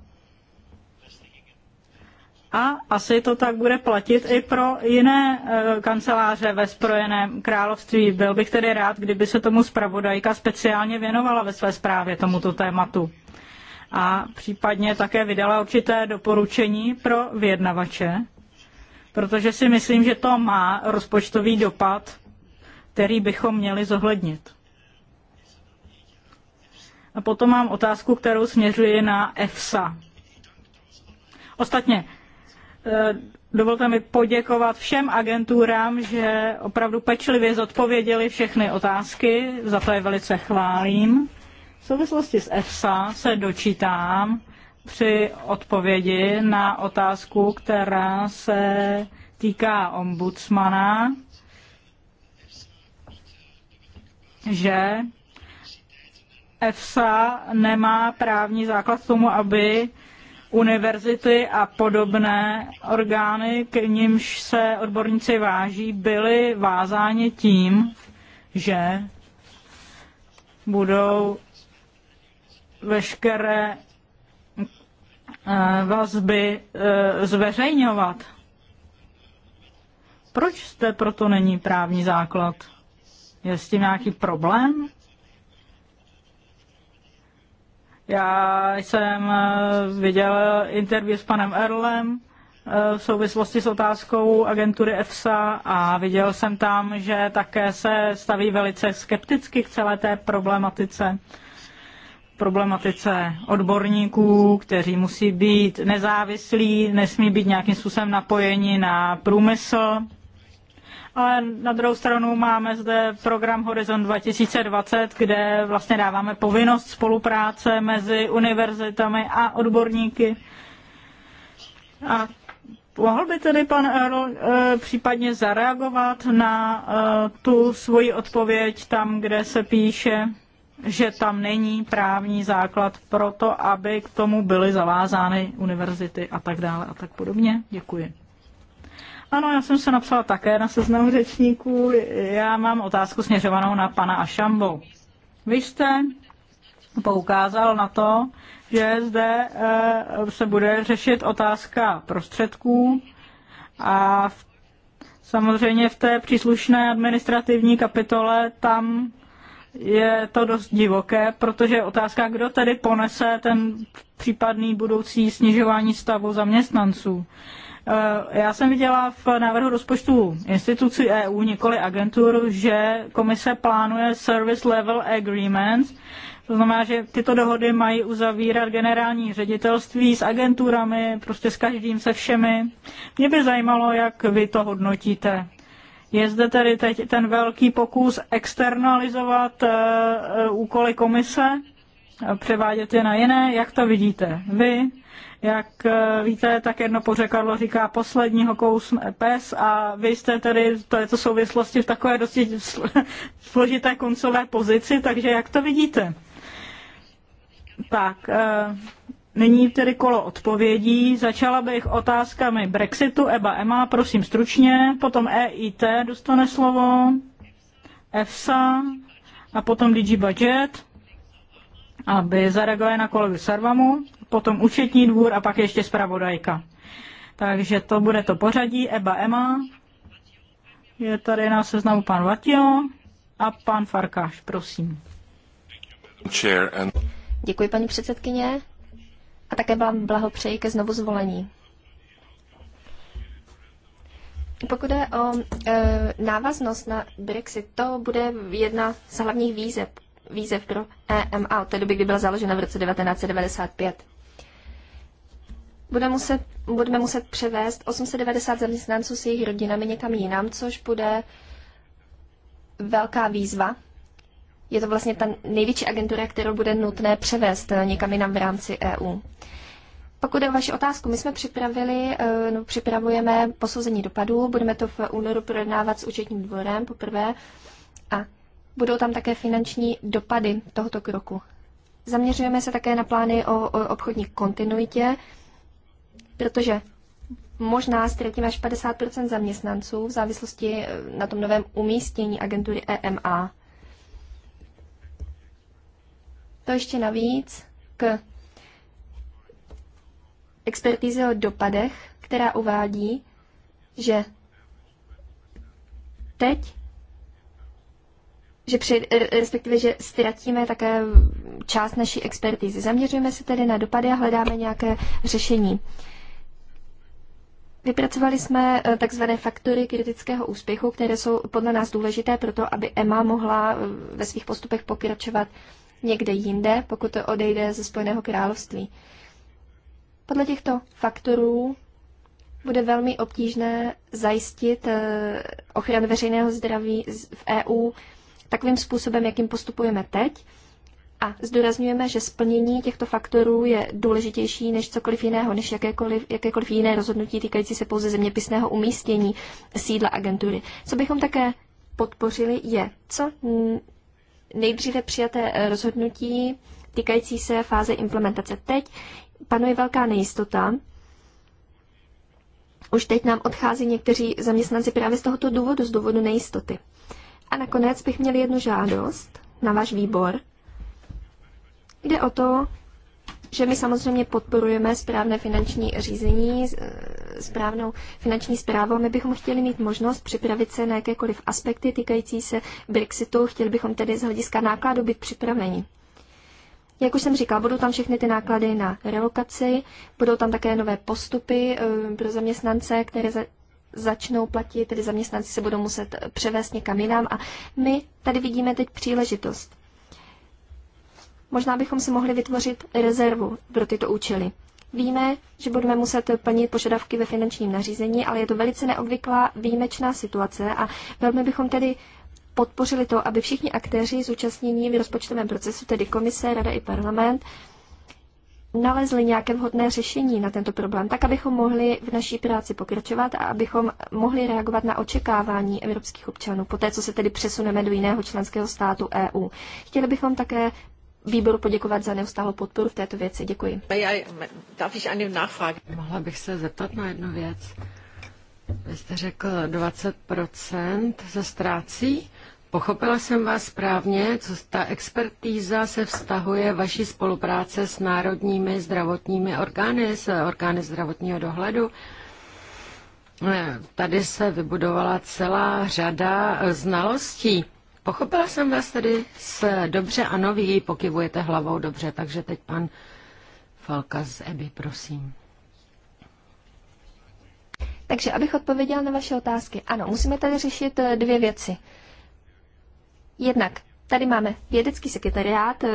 A asi to tak bude platit i pro jiné e, kanceláře ve Spojeném království. Byl bych tedy rád, kdyby se tomu zpravodajka speciálně věnovala ve své zprávě tomuto tématu. A případně také vydala určité doporučení pro vyjednavače, protože si myslím, že to má rozpočtový dopad který bychom měli zohlednit. A potom mám otázku, kterou směřuji na EFSA. Ostatně, eh, dovolte mi poděkovat všem agenturám, že opravdu pečlivě zodpověděli všechny otázky, za to je velice chválím. V souvislosti s EFSA se dočítám při odpovědi na otázku, která se týká ombudsmana, že EFSA nemá právní základ k tomu, aby univerzity a podobné orgány, k nimž se odborníci váží, byly vázáni tím, že budou veškeré eh, vazby eh, zveřejňovat. Proč jste proto není právní základ? Je s tím nějaký problém? Já jsem eh, viděl interview s panem Erlem eh, v souvislosti s otázkou agentury EFSA a viděl jsem tam, že také se staví velice skepticky k celé té problematice problematice odborníků, kteří musí být nezávislí, nesmí být nějakým způsobem napojeni na průmysl, ale na druhou stranu máme zde program Horizon 2020, kde vlastně dáváme povinnost spolupráce mezi univerzitami a odborníky. A mohl by tedy pan Earl eh, případně zareagovat na eh, tu svoji odpověď tam, kde se píše, že tam není právní základ pro to, aby k tomu byly zavázány univerzity a tak dále a tak podobně? Děkuji. Ano, já jsem se napsala také na seznamu řečníků. Já mám otázku směřovanou na pana Ašambu. Vy jste poukázal na to, že zde eh, se bude řešit otázka prostředků a v, samozřejmě v té příslušné administrativní kapitole tam je to dost divoké, protože otázka, kdo tedy ponese ten případný budoucí snižování stavu zaměstnanců. Eh, já jsem viděla v návrhu rozpočtu institucí EU, nikoli agentur, že komise plánuje Service Level Agreements, to znamená, že tyto dohody mají uzavírat generální ředitelství s agenturami, prostě s každým, se všemi. Mě by zajímalo, jak vy to hodnotíte. Je zde tedy teď ten velký pokus externalizovat eh, úkoly komise, převádět je na jiné. Jak to vidíte vy? Jak eh, víte, tak jedno pořekadlo říká posledního kousme pes a vy jste tedy v této souvislosti v takové dosti složité koncové pozici, takže jak to vidíte? Tak, eh, nyní tedy kolo odpovědí. Začala bych otázkami Brexitu, EBA, EMA, prosím stručně, potom EIT dostane slovo, EFSA a potom DG Budget, aby zareagovali na kolegu Sarvamu potom účetní dvůr a pak ještě zpravodajka. Takže to bude to pořadí. Eba Ema. Je tady na seznamu pan Vatio a pan Farkáš, prosím. Děkuji, paní předsedkyně. A také vám blahopřeji ke znovu zvolení. Pokud je o e, návaznost na Brexit, to bude jedna z hlavních výzev, výzev pro EMA od té doby, kdy byla založena v roce 1995 bude muset, budeme muset převést 890 zaměstnanců s jejich rodinami někam jinam, což bude velká výzva. Je to vlastně ta největší agentura, kterou bude nutné převést eh, někam jinam v rámci EU. Pokud je o vaši otázku, my jsme připravili, eh, no, připravujeme posouzení dopadů, budeme to v únoru projednávat s účetním dvorem poprvé a budou tam také finanční dopady tohoto kroku. Zaměřujeme se také na plány o, o obchodní kontinuitě, protože možná ztratíme až 50 zaměstnanců v závislosti eh, na tom novém umístění agentury EMA. To ještě navíc k expertize o dopadech, která uvádí, že teď, že při, respektive, že ztratíme také část naší expertízy. Zaměřujeme se tedy na dopady a hledáme nějaké řešení. Uh, Vypracovali jsme eh, takzvané faktory kritického úspěchu, které jsou podle nás důležité pro to, aby EMA mohla eh, ve svých postupech pokračovat někde jinde, pokud to odejde ze Spojeného království. Podle těchto faktorů bude velmi obtížné zajistit eh, ochranu veřejného zdraví v EU takovým způsobem, jakým postupujeme teď, a zdůrazňujeme, že splnění těchto faktorů je důležitější než cokoliv jiného, než jakékoliv, jakékoliv jiné rozhodnutí týkající se pouze zeměpisného umístění sídla agentury. Co bychom také podpořili je, co nejdříve přijaté eh, rozhodnutí týkající se fáze implementace. Teď panuje velká nejistota. Už teď nám odchází někteří zaměstnanci právě z tohoto důvodu, z důvodu nejistoty. A nakonec bych měl jednu žádost na váš výbor. Jde o to, že my samozřejmě podporujeme správné finanční řízení, eh, správnou finanční zprávu. My bychom chtěli mít možnost připravit se na jakékoliv aspekty týkající se Brexitu. Chtěli bychom tedy z hlediska nákladů být připraveni. Jak už jsem říkal, budou tam všechny ty náklady na relokaci, budou tam také nové postupy eh, pro zaměstnance, které za začnou platit, tedy zaměstnanci se budou muset převést někam jinam a my tady vidíme teď příležitost. Možná bychom si mohli vytvořit rezervu pro tyto účely. Víme, že budeme muset plnit požadavky ve finančním nařízení, ale je to velice neobvyklá výjimečná situace a velmi bychom tedy podpořili to, aby všichni aktéři zúčastnění v rozpočtovém procesu, tedy komise, rada i parlament, nalezli nějaké vhodné řešení na tento problém, tak abychom mohli v naší práci pokračovat a abychom mohli reagovat na očekávání evropských občanů, poté co se tedy přesuneme do jiného členského státu EU. Chtěli bychom také výboru poděkovat za neustálou podporu v této věci. Děkuji. Mohla bych se zeptat na jednu věc. Vy jste řekl 20% se ztrácí. Pochopila jsem vás správně, co ta expertíza se vztahuje vaší spolupráce s národními zdravotními orgány, s orgány zdravotního dohledu. Eh, tady se vybudovala celá řada eh, znalostí. Pochopila jsem vás tedy s dobře, a nový pokyvujete hlavou dobře, takže teď pan Falka z Eby prosím. Takže abych odpověděla na vaše otázky. Ano, musíme tady řešit eh, dvě věci. Jednak tady máme vědecký sekretariát, eh,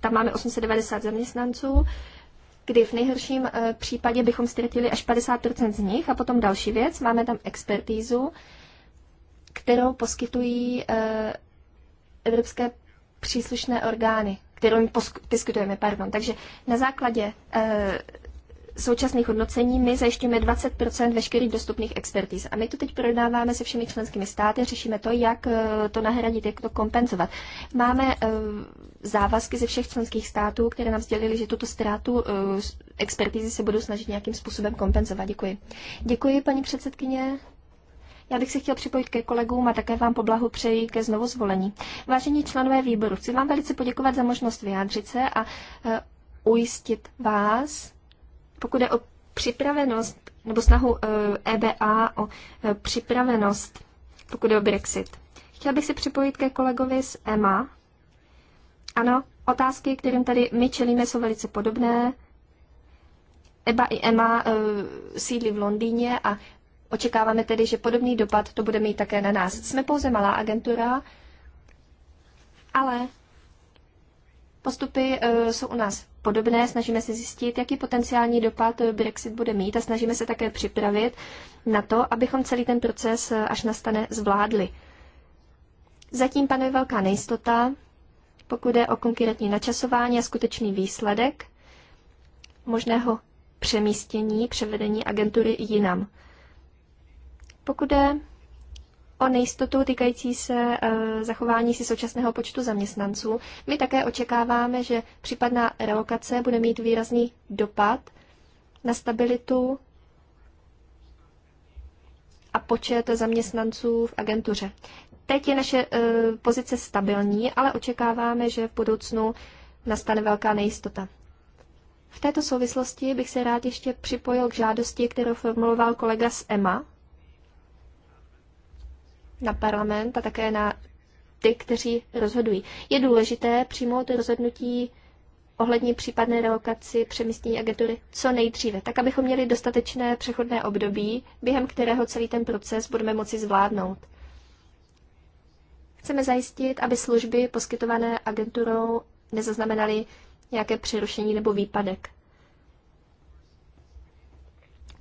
tam máme 890 zaměstnanců, kdy v nejhorším eh, případě bychom ztratili až 50% z nich. A potom další věc, máme tam expertízu, kterou poskytují eh, evropské příslušné orgány, kterou my poskytujeme, pardon. Takže na základě eh, současných hodnocení my zajišťujeme 20 veškerých dostupných expertíz. A my to teď prodáváme se všemi členskými státy, řešíme to, jak eh, to nahradit, jak to kompenzovat. Máme závazky ze všech členských států, které nám sdělili, že tuto ztrátu expertízy se budou snažit nějakým způsobem kompenzovat. Děkuji. Děkuji, paní předsedkyně. Já bych se chtěl připojit ke kolegům a také vám poblahu přeji ke znovu zvolení. Vážení členové výboru, chci vám velice poděkovat za možnost vyjádřit se a e, ujistit vás, pokud je o připravenost nebo snahu EBA e o e, připravenost, pokud je o Brexit. Chtěl bych se připojit ke kolegovi z EMA. Ano, otázky, kterým tady my čelíme, jsou velice podobné. EBA i EMA uh, sídlí v Londýně a Očekáváme tedy, že podobný dopad to bude mít také na nás. Jsme pouze malá agentura, ale postupy eh, jsou u nás podobné. Snažíme se zjistit, jaký potenciální dopad eh, Brexit bude mít a snažíme se také připravit na to, abychom celý ten proces, eh, až nastane, zvládli. Zatím panuje velká nejistota, pokud je o konkrétní načasování a skutečný výsledek možného přemístění, převedení agentury jinam. Pokud je o nejistotu týkající se e, zachování si současného počtu zaměstnanců, my také očekáváme, že případná relokace bude mít výrazný dopad na stabilitu a počet zaměstnanců v agentuře. Teď je naše e, pozice stabilní, ale očekáváme, že v budoucnu nastane velká nejistota. V této souvislosti bych se rád ještě připojil k žádosti, kterou formuloval kolega z EMA, na parlament a také na ty, kteří rozhodují. Je důležité přijmout rozhodnutí ohledně případné relokaci přemístění agentury co nejdříve, tak abychom měli dostatečné přechodné období, během kterého celý ten proces budeme moci zvládnout. Chceme zajistit, aby služby poskytované agenturou nezaznamenaly nějaké přerušení nebo výpadek.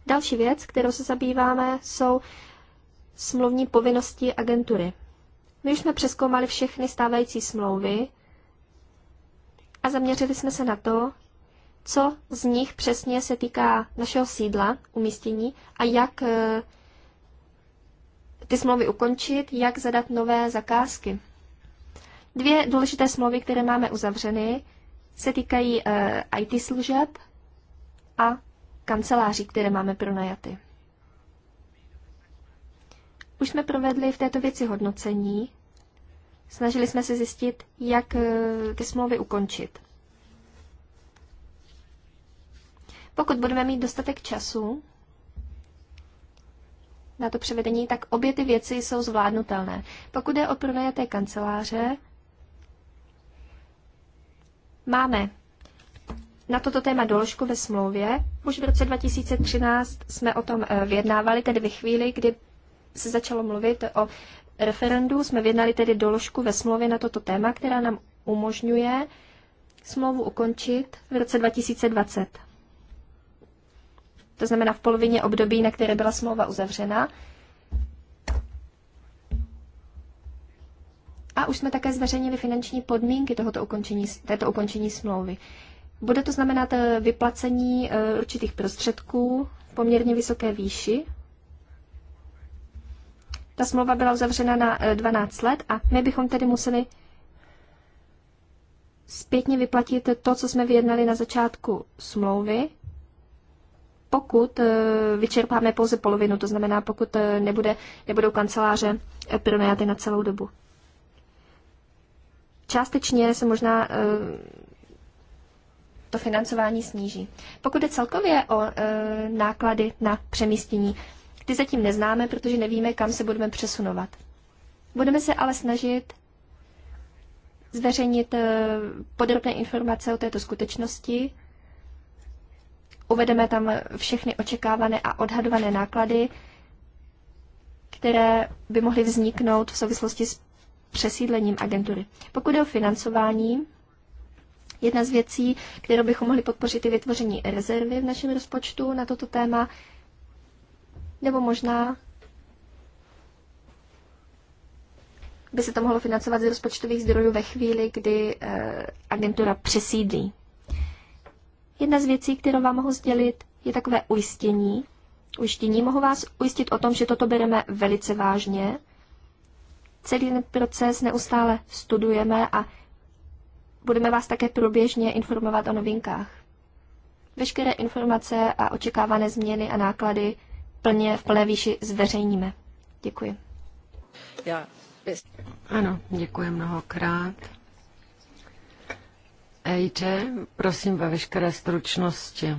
Další věc, kterou se zabýváme, jsou smluvní povinnosti agentury. My už jsme přeskoumali všechny stávající smlouvy a zaměřili jsme se na to, co z nich přesně se týká našeho sídla, umístění a jak eh, ty smlouvy ukončit, jak zadat nové zakázky. Dvě důležité smlouvy, které máme uzavřeny, se týkají eh, IT služeb a kanceláří, které máme pronajaty. Už jsme provedli v této věci hodnocení. Snažili jsme se zjistit, jak eh, ty smlouvy ukončit. Pokud budeme mít dostatek času na to převedení, tak obě ty věci jsou zvládnutelné. Pokud je o prodeje té kanceláře, máme na toto téma doložku ve smlouvě. Už v roce 2013 jsme o tom eh, vyjednávali, tedy ve chvíli, kdy se začalo mluvit o referendu, jsme vyjednali tedy doložku ve smlouvě na toto téma, která nám umožňuje smlouvu ukončit v roce 2020. To znamená v polovině období, na které byla smlouva uzavřena. A už jsme také zveřejnili finanční podmínky tohoto ukončení, této ukončení smlouvy. Bude to znamenat eh, vyplacení eh, určitých prostředků v poměrně vysoké výši ta smlouva byla uzavřena na 12 eh, let a my bychom tedy museli zpětně vyplatit to, co jsme vyjednali na začátku smlouvy, pokud eh, vyčerpáme pouze polovinu, to znamená, pokud eh, nebude, nebudou kanceláře pronajaty na celou dobu. Částečně se možná to financování sníží. Pokud je celkově o náklady na přemístění, ty zatím neznáme, protože nevíme, kam se budeme přesunovat. Budeme se ale snažit zveřejnit eh, podrobné informace o této skutečnosti. Uvedeme tam všechny očekávané a odhadované náklady, které by mohly vzniknout v souvislosti s přesídlením agentury. Pokud je o financování, jedna z věcí, kterou bychom mohli podpořit, je vytvoření rezervy v našem rozpočtu na toto téma. Nebo možná by se to mohlo financovat z rozpočtových zdrojů ve chvíli, kdy eh, agentura přesídlí. Jedna z věcí, kterou vám mohu sdělit, je takové ujištění. Ujištění mohu vás ujistit o tom, že toto bereme velice vážně. Celý ten proces neustále studujeme a budeme vás také průběžně informovat o novinkách. Veškeré informace a očekávané změny a náklady plně v plné výši zveřejníme. Děkuji. Já. Ano, děkuji mnohokrát. Ejte, prosím ve veškeré stručnosti.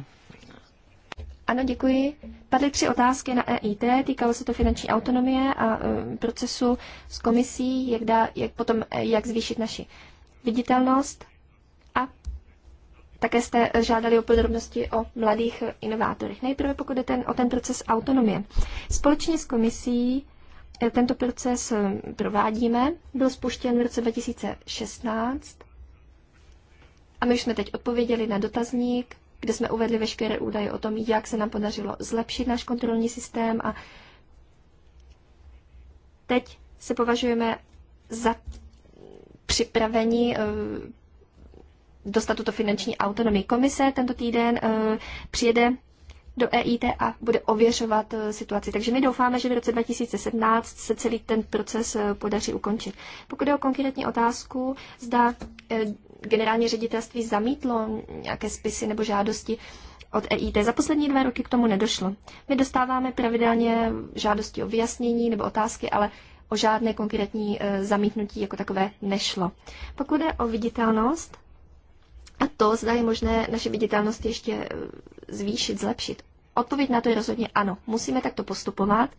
Ano, děkuji. Padly tři otázky na EIT, týkalo se to finanční autonomie a e, procesu s komisí, jak, dá, jak potom e, jak zvýšit naši viditelnost. Také jste žádali o podrobnosti o mladých inovátorech. Nejprve pokud jde ten, o ten proces autonomie. Společně s komisí eh, tento proces eh, provádíme. Byl spuštěn v roce 2016 a my už jsme teď odpověděli na dotazník, kde jsme uvedli veškeré údaje o tom, jak se nám podařilo zlepšit náš kontrolní systém a teď se považujeme za připravení. Eh, dostat tuto finanční autonomii. Komise tento týden eh, přijede do EIT a bude ověřovat eh, situaci. Takže my doufáme, že v roce 2017 se celý ten proces eh, podaří ukončit. Pokud je o konkrétní otázku, zda generální ředitelství zamítlo nějaké spisy nebo žádosti od EIT. Za poslední dva roky k tomu nedošlo. My dostáváme pravidelně žádosti o vyjasnění nebo otázky, ale o žádné konkrétní zamítnutí jako takové nešlo. Pokud je o viditelnost, a to, zda je možné naše viditelnost ještě eh, zvýšit, zlepšit. Odpověď na to je rozhodně ano. Musíme takto postupovat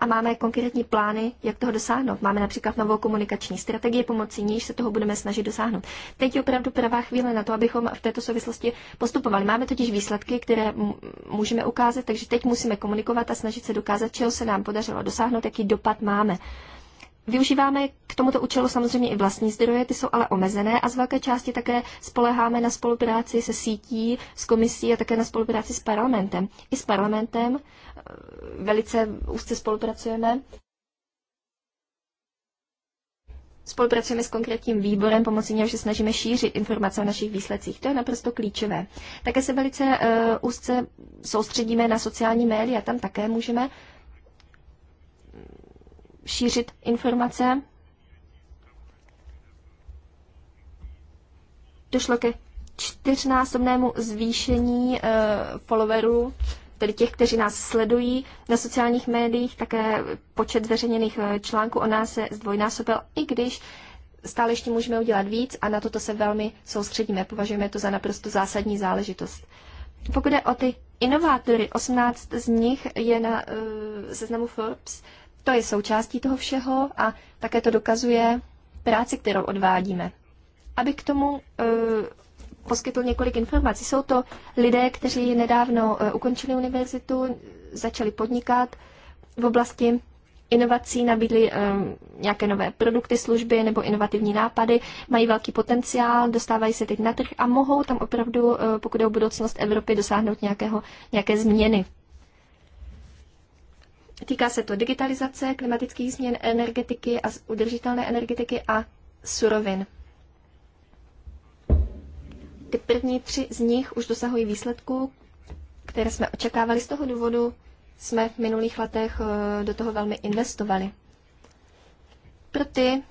a máme konkrétní plány, jak toho dosáhnout. Máme například novou komunikační strategii, pomocí níž se toho budeme snažit dosáhnout. Teď je opravdu pravá chvíle na to, abychom v této souvislosti postupovali. Máme totiž výsledky, které můžeme ukázat, takže teď musíme komunikovat a snažit se dokázat, čeho se nám podařilo dosáhnout, jaký dopad máme. Využíváme k tomuto účelu samozřejmě i vlastní zdroje, ty jsou ale omezené a z velké části také spoleháme na spolupráci se sítí, s komisí a také na spolupráci s parlamentem. I s parlamentem eh, velice úzce spolupracujeme. Spolupracujeme s konkrétním výborem, pomocí něho se snažíme šířit informace o našich výsledcích. To je naprosto klíčové. Také se velice uh, úzce soustředíme na sociální média, tam také můžeme šířit informace. Došlo ke čtyřnásobnému zvýšení e, followerů, tedy těch, kteří nás sledují na sociálních médiích, také počet zveřejněných eh, článků o nás se zdvojnásobil, i když stále ještě můžeme udělat víc a na toto se velmi soustředíme. Považujeme to za naprosto zásadní záležitost. Pokud je o ty inovátory, 18 z nich je na uh, seznamu Forbes to je součástí toho všeho a také to dokazuje práci, kterou odvádíme. Aby k tomu e, poskytl několik informací. Jsou to lidé, kteří nedávno e, ukončili univerzitu, začali podnikat v oblasti inovací, nabídli e, nějaké nové produkty, služby nebo inovativní nápady, mají velký potenciál, dostávají se teď na trh a mohou tam opravdu, e, pokud je o budoucnost Evropy, dosáhnout nějakého, nějaké změny. Týká se to digitalizace, klimatických změn, energetiky a udržitelné energetiky a surovin. Ty první tři z nich už dosahují výsledků, které jsme očekávali. Z toho důvodu jsme v minulých letech eh, do toho velmi investovali. Pro ty,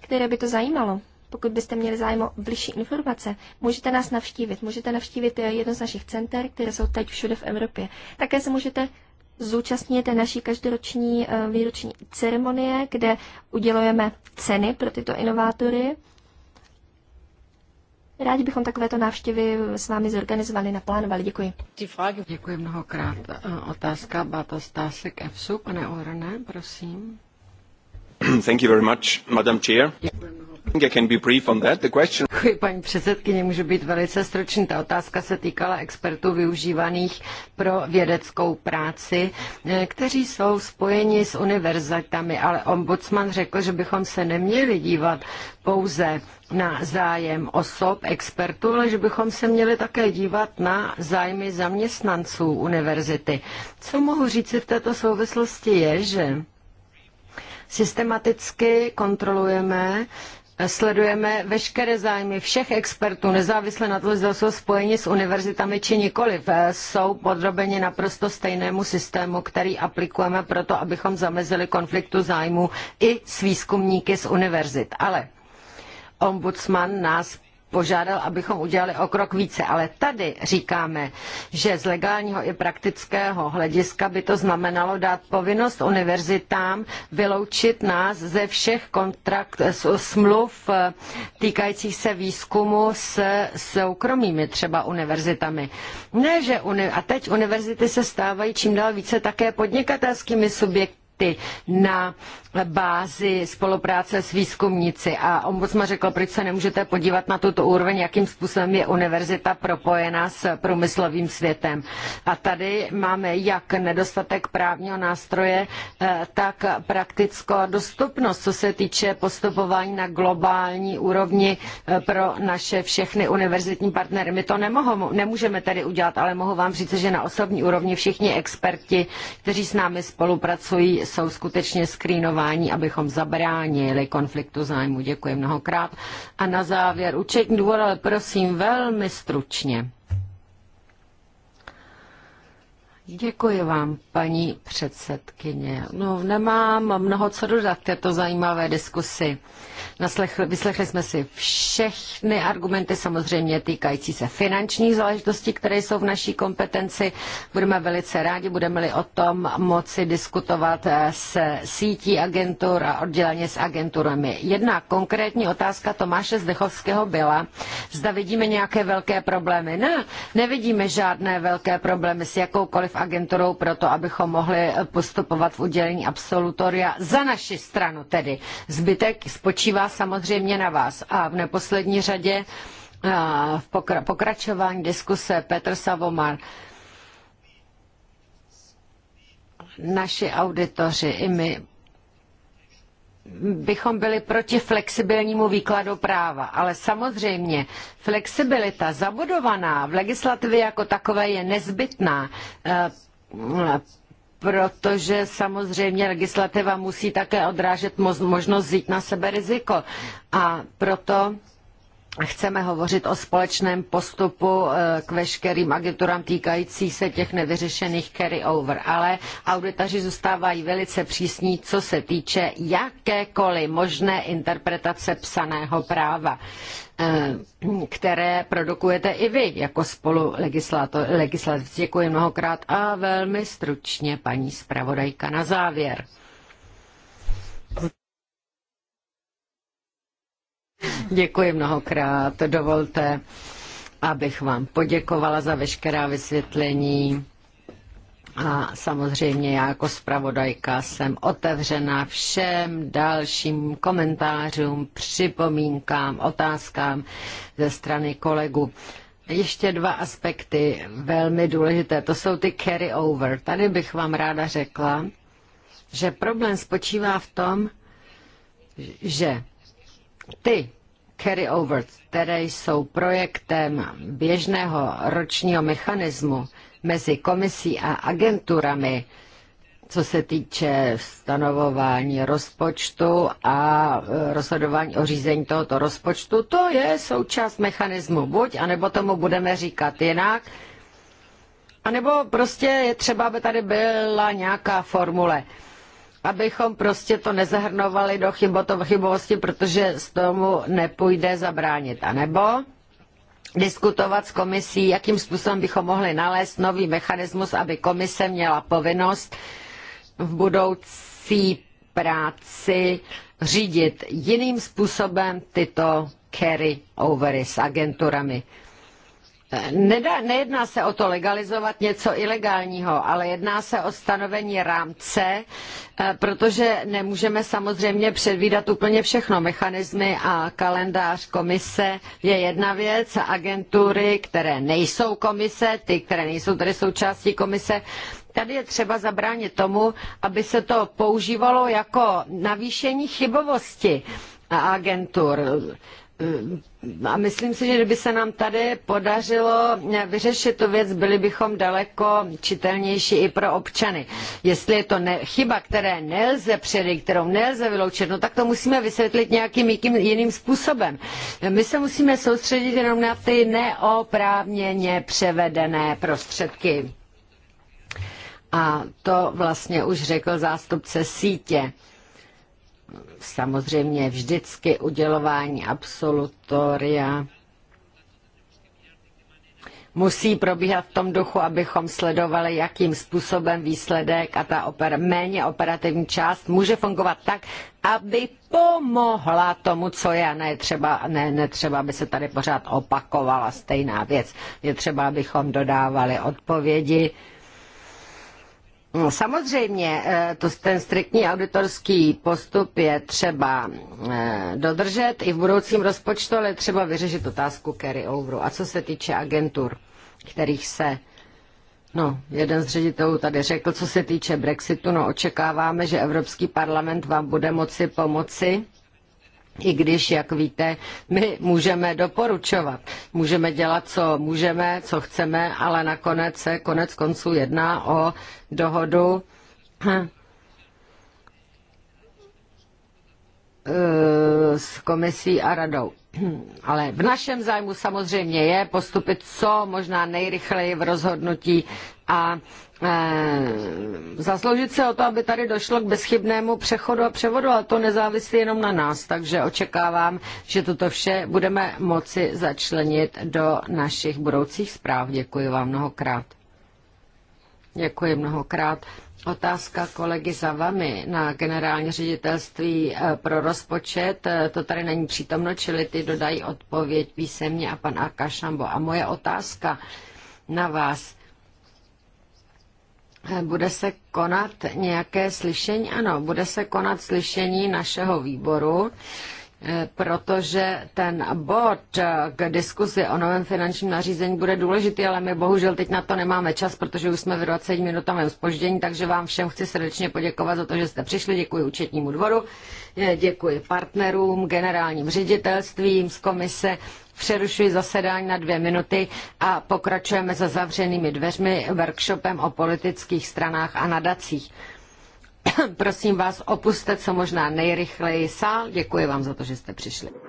které by to zajímalo, pokud byste měli zájem o bližší informace, můžete nás navštívit. Můžete navštívit eh, jedno z našich center, které jsou teď všude v Evropě. Také se můžete zúčastněte naší každoroční eh, výroční ceremonie, kde udělujeme ceny pro tyto inovátory. Rádi bychom takovéto návštěvy s vámi zorganizovali, naplánovali. Děkuji. Děkuji mnohokrát. Eh, otázka Bata Stásek EFSU. Pane Orne, prosím. Thank you very much, Madam Chair. Děkuji mnohokrát. Děkuji, paní předsedkyně, můžu být velice stručný. Ta otázka se týkala expertů využívaných pro vědeckou práci, eh, kteří jsou spojeni s univerzitami, ale ombudsman řekl, že bychom se neměli dívat pouze na zájem osob, expertů, ale že bychom se měli také dívat na zájmy zaměstnanců univerzity. Co mohu říci v této souvislosti je, že systematicky kontrolujeme sledujeme veškeré zájmy všech expertů, nezávisle na to, zda jsou spojeni s univerzitami či nikoliv, eh, jsou podrobeni naprosto stejnému systému, který aplikujeme proto, abychom zamezili konfliktu zájmů i s výzkumníky z univerzit. Ale ombudsman nás požádal, abychom udělali o krok více. Ale tady říkáme, že z legálního i praktického hlediska by to znamenalo dát povinnost univerzitám vyloučit nás ze všech kontrakt, smluv eh, týkajících se výzkumu s soukromými třeba univerzitami. Ne, že uni- a teď univerzity se stávají čím dál více také podnikatelskými subjekty projekty na bázi spolupráce s výzkumníci. A ombudsman řekl, proč se nemůžete podívat na tuto úroveň, jakým způsobem je univerzita propojena s průmyslovým světem. A tady máme jak nedostatek právního nástroje, eh, tak praktickou dostupnost, co se týče postupování na globální úrovni eh, pro naše všechny univerzitní partnery. My to nemohou, nemůžeme tedy udělat, ale mohu vám říct, že na osobní úrovni všichni experti, kteří s námi spolupracují, jsou skutečně skrýnováni, abychom zabránili konfliktu zájmu. Děkuji mnohokrát. A na závěr účetní důvod, ale prosím velmi stručně. Děkuji vám, paní předsedkyně. No, nemám mnoho co dodat k této zajímavé diskusi. Naslechli, vyslechli jsme si všechny argumenty, samozřejmě týkající se finančních záležitostí, které jsou v naší kompetenci. Budeme velice rádi, budeme-li o tom moci diskutovat se sítí agentur a odděleně s agenturami. Jedna konkrétní otázka Tomáše Zdechovského byla, zda vidíme nějaké velké problémy. Ne, nevidíme žádné velké problémy s jakoukoliv agenturou to, abychom mohli postupovat v udělení absolutoria za naši stranu tedy. Zbytek spočívá samozřejmě na vás. A v neposlední řadě v pokračování diskuse Petr Savomar. Naši auditoři i my bychom byli proti flexibilnímu výkladu práva. Ale samozřejmě flexibilita zabudovaná v legislativě jako takové je nezbytná, eh, protože samozřejmě legislativa musí také odrážet možnost vzít na sebe riziko. A proto chceme hovořit o společném postupu eh, k veškerým agenturám týkající se těch nevyřešených carry-over, ale auditaři zůstávají velice přísní, co se týče jakékoliv možné interpretace psaného práva eh, které produkujete i vy jako spolu legislativci. Děkuji mnohokrát a velmi stručně paní zpravodajka na závěr. Děkuji mnohokrát. Dovolte, abych vám poděkovala za veškerá vysvětlení. A samozřejmě já jako zpravodajka jsem otevřena všem dalším komentářům, připomínkám, otázkám ze strany kolegu. Ještě dva aspekty velmi důležité, to jsou ty carry over. Tady bych vám ráda řekla, že problém spočívá v tom, že ty carry over, které jsou projektem běžného ročního mechanismu mezi komisí a agenturami, co se týče stanovování rozpočtu a e, rozhodování o řízení tohoto rozpočtu, to je součást mechanismu. Buď, anebo tomu budeme říkat jinak, anebo prostě je třeba, aby tady byla nějaká formule abychom prostě to nezahrnovali do chybovosti, protože z tomu nepůjde zabránit. A nebo diskutovat s komisí, jakým způsobem bychom mohli nalézt nový mechanismus, aby komise měla povinnost v budoucí práci řídit jiným způsobem tyto carry overy s agenturami. Nedá, nejedná se o to legalizovat něco ilegálního, ale jedná se o stanovení rámce, eh, protože nemůžeme samozřejmě předvídat úplně všechno. Mechanismy a kalendář komise je jedna věc, agentury, které nejsou komise, ty, které nejsou tedy součástí komise, Tady je třeba zabránit tomu, aby se to používalo jako navýšení chybovosti agentur a myslím si, že kdyby se nám tady podařilo vyřešit tu věc, byli bychom daleko čitelnější i pro občany. Jestli je to ne, chyba, které nelze předejít, kterou nelze vyloučit, no tak to musíme vysvětlit nějakým jiným způsobem. My se musíme soustředit jenom na ty neoprávněně převedené prostředky. A to vlastně už řekl zástupce sítě samozřejmě vždycky udělování absolutoria musí probíhat v tom duchu, abychom sledovali, jakým způsobem výsledek a ta oper, méně operativní část může fungovat tak, aby pomohla tomu, co je ne třeba, ne, ne třeba, aby se tady pořád opakovala stejná věc. Je třeba, abychom dodávali odpovědi, No, samozřejmě eh, to, ten striktní auditorský postup je třeba eh, dodržet i v budoucím rozpočtu, ale třeba vyřešit otázku carry overu. A co se týče agentur, kterých se No, jeden z ředitelů tady řekl, co se týče Brexitu, no očekáváme, že Evropský parlament vám bude moci pomoci i když, jak víte, my můžeme doporučovat, můžeme dělat, co můžeme, co chceme, ale nakonec se konec konců jedná o dohodu eh, s komisí a radou ale v našem zájmu samozřejmě je postupit co možná nejrychleji v rozhodnutí a e, zasloužit se o to, aby tady došlo k bezchybnému přechodu a převodu, ale to nezávisí jenom na nás, takže očekávám, že toto vše budeme moci začlenit do našich budoucích zpráv. Děkuji vám mnohokrát. Děkuji mnohokrát. Otázka kolegy za vami na generální ředitelství eh, pro rozpočet, eh, to tady není přítomno, čili ty dodají odpověď písemně a pan Akašambo. A moje otázka na vás. Eh, bude se konat nějaké slyšení? Ano, bude se konat slyšení našeho výboru protože ten bod k diskusi o novém finančním nařízení bude důležitý, ale my bohužel teď na to nemáme čas, protože už jsme v 20 minutovém spoždění, takže vám všem chci srdečně poděkovat za to, že jste přišli. Děkuji účetnímu dvoru, děkuji partnerům, generálním ředitelstvím z komise, Přerušuji zasedání na dvě minuty a pokračujeme za zavřenými dveřmi workshopem o politických stranách a nadacích. Prosím vás, opuste co možná nejrychleji sál. Děkuji vám za to, že jste přišli.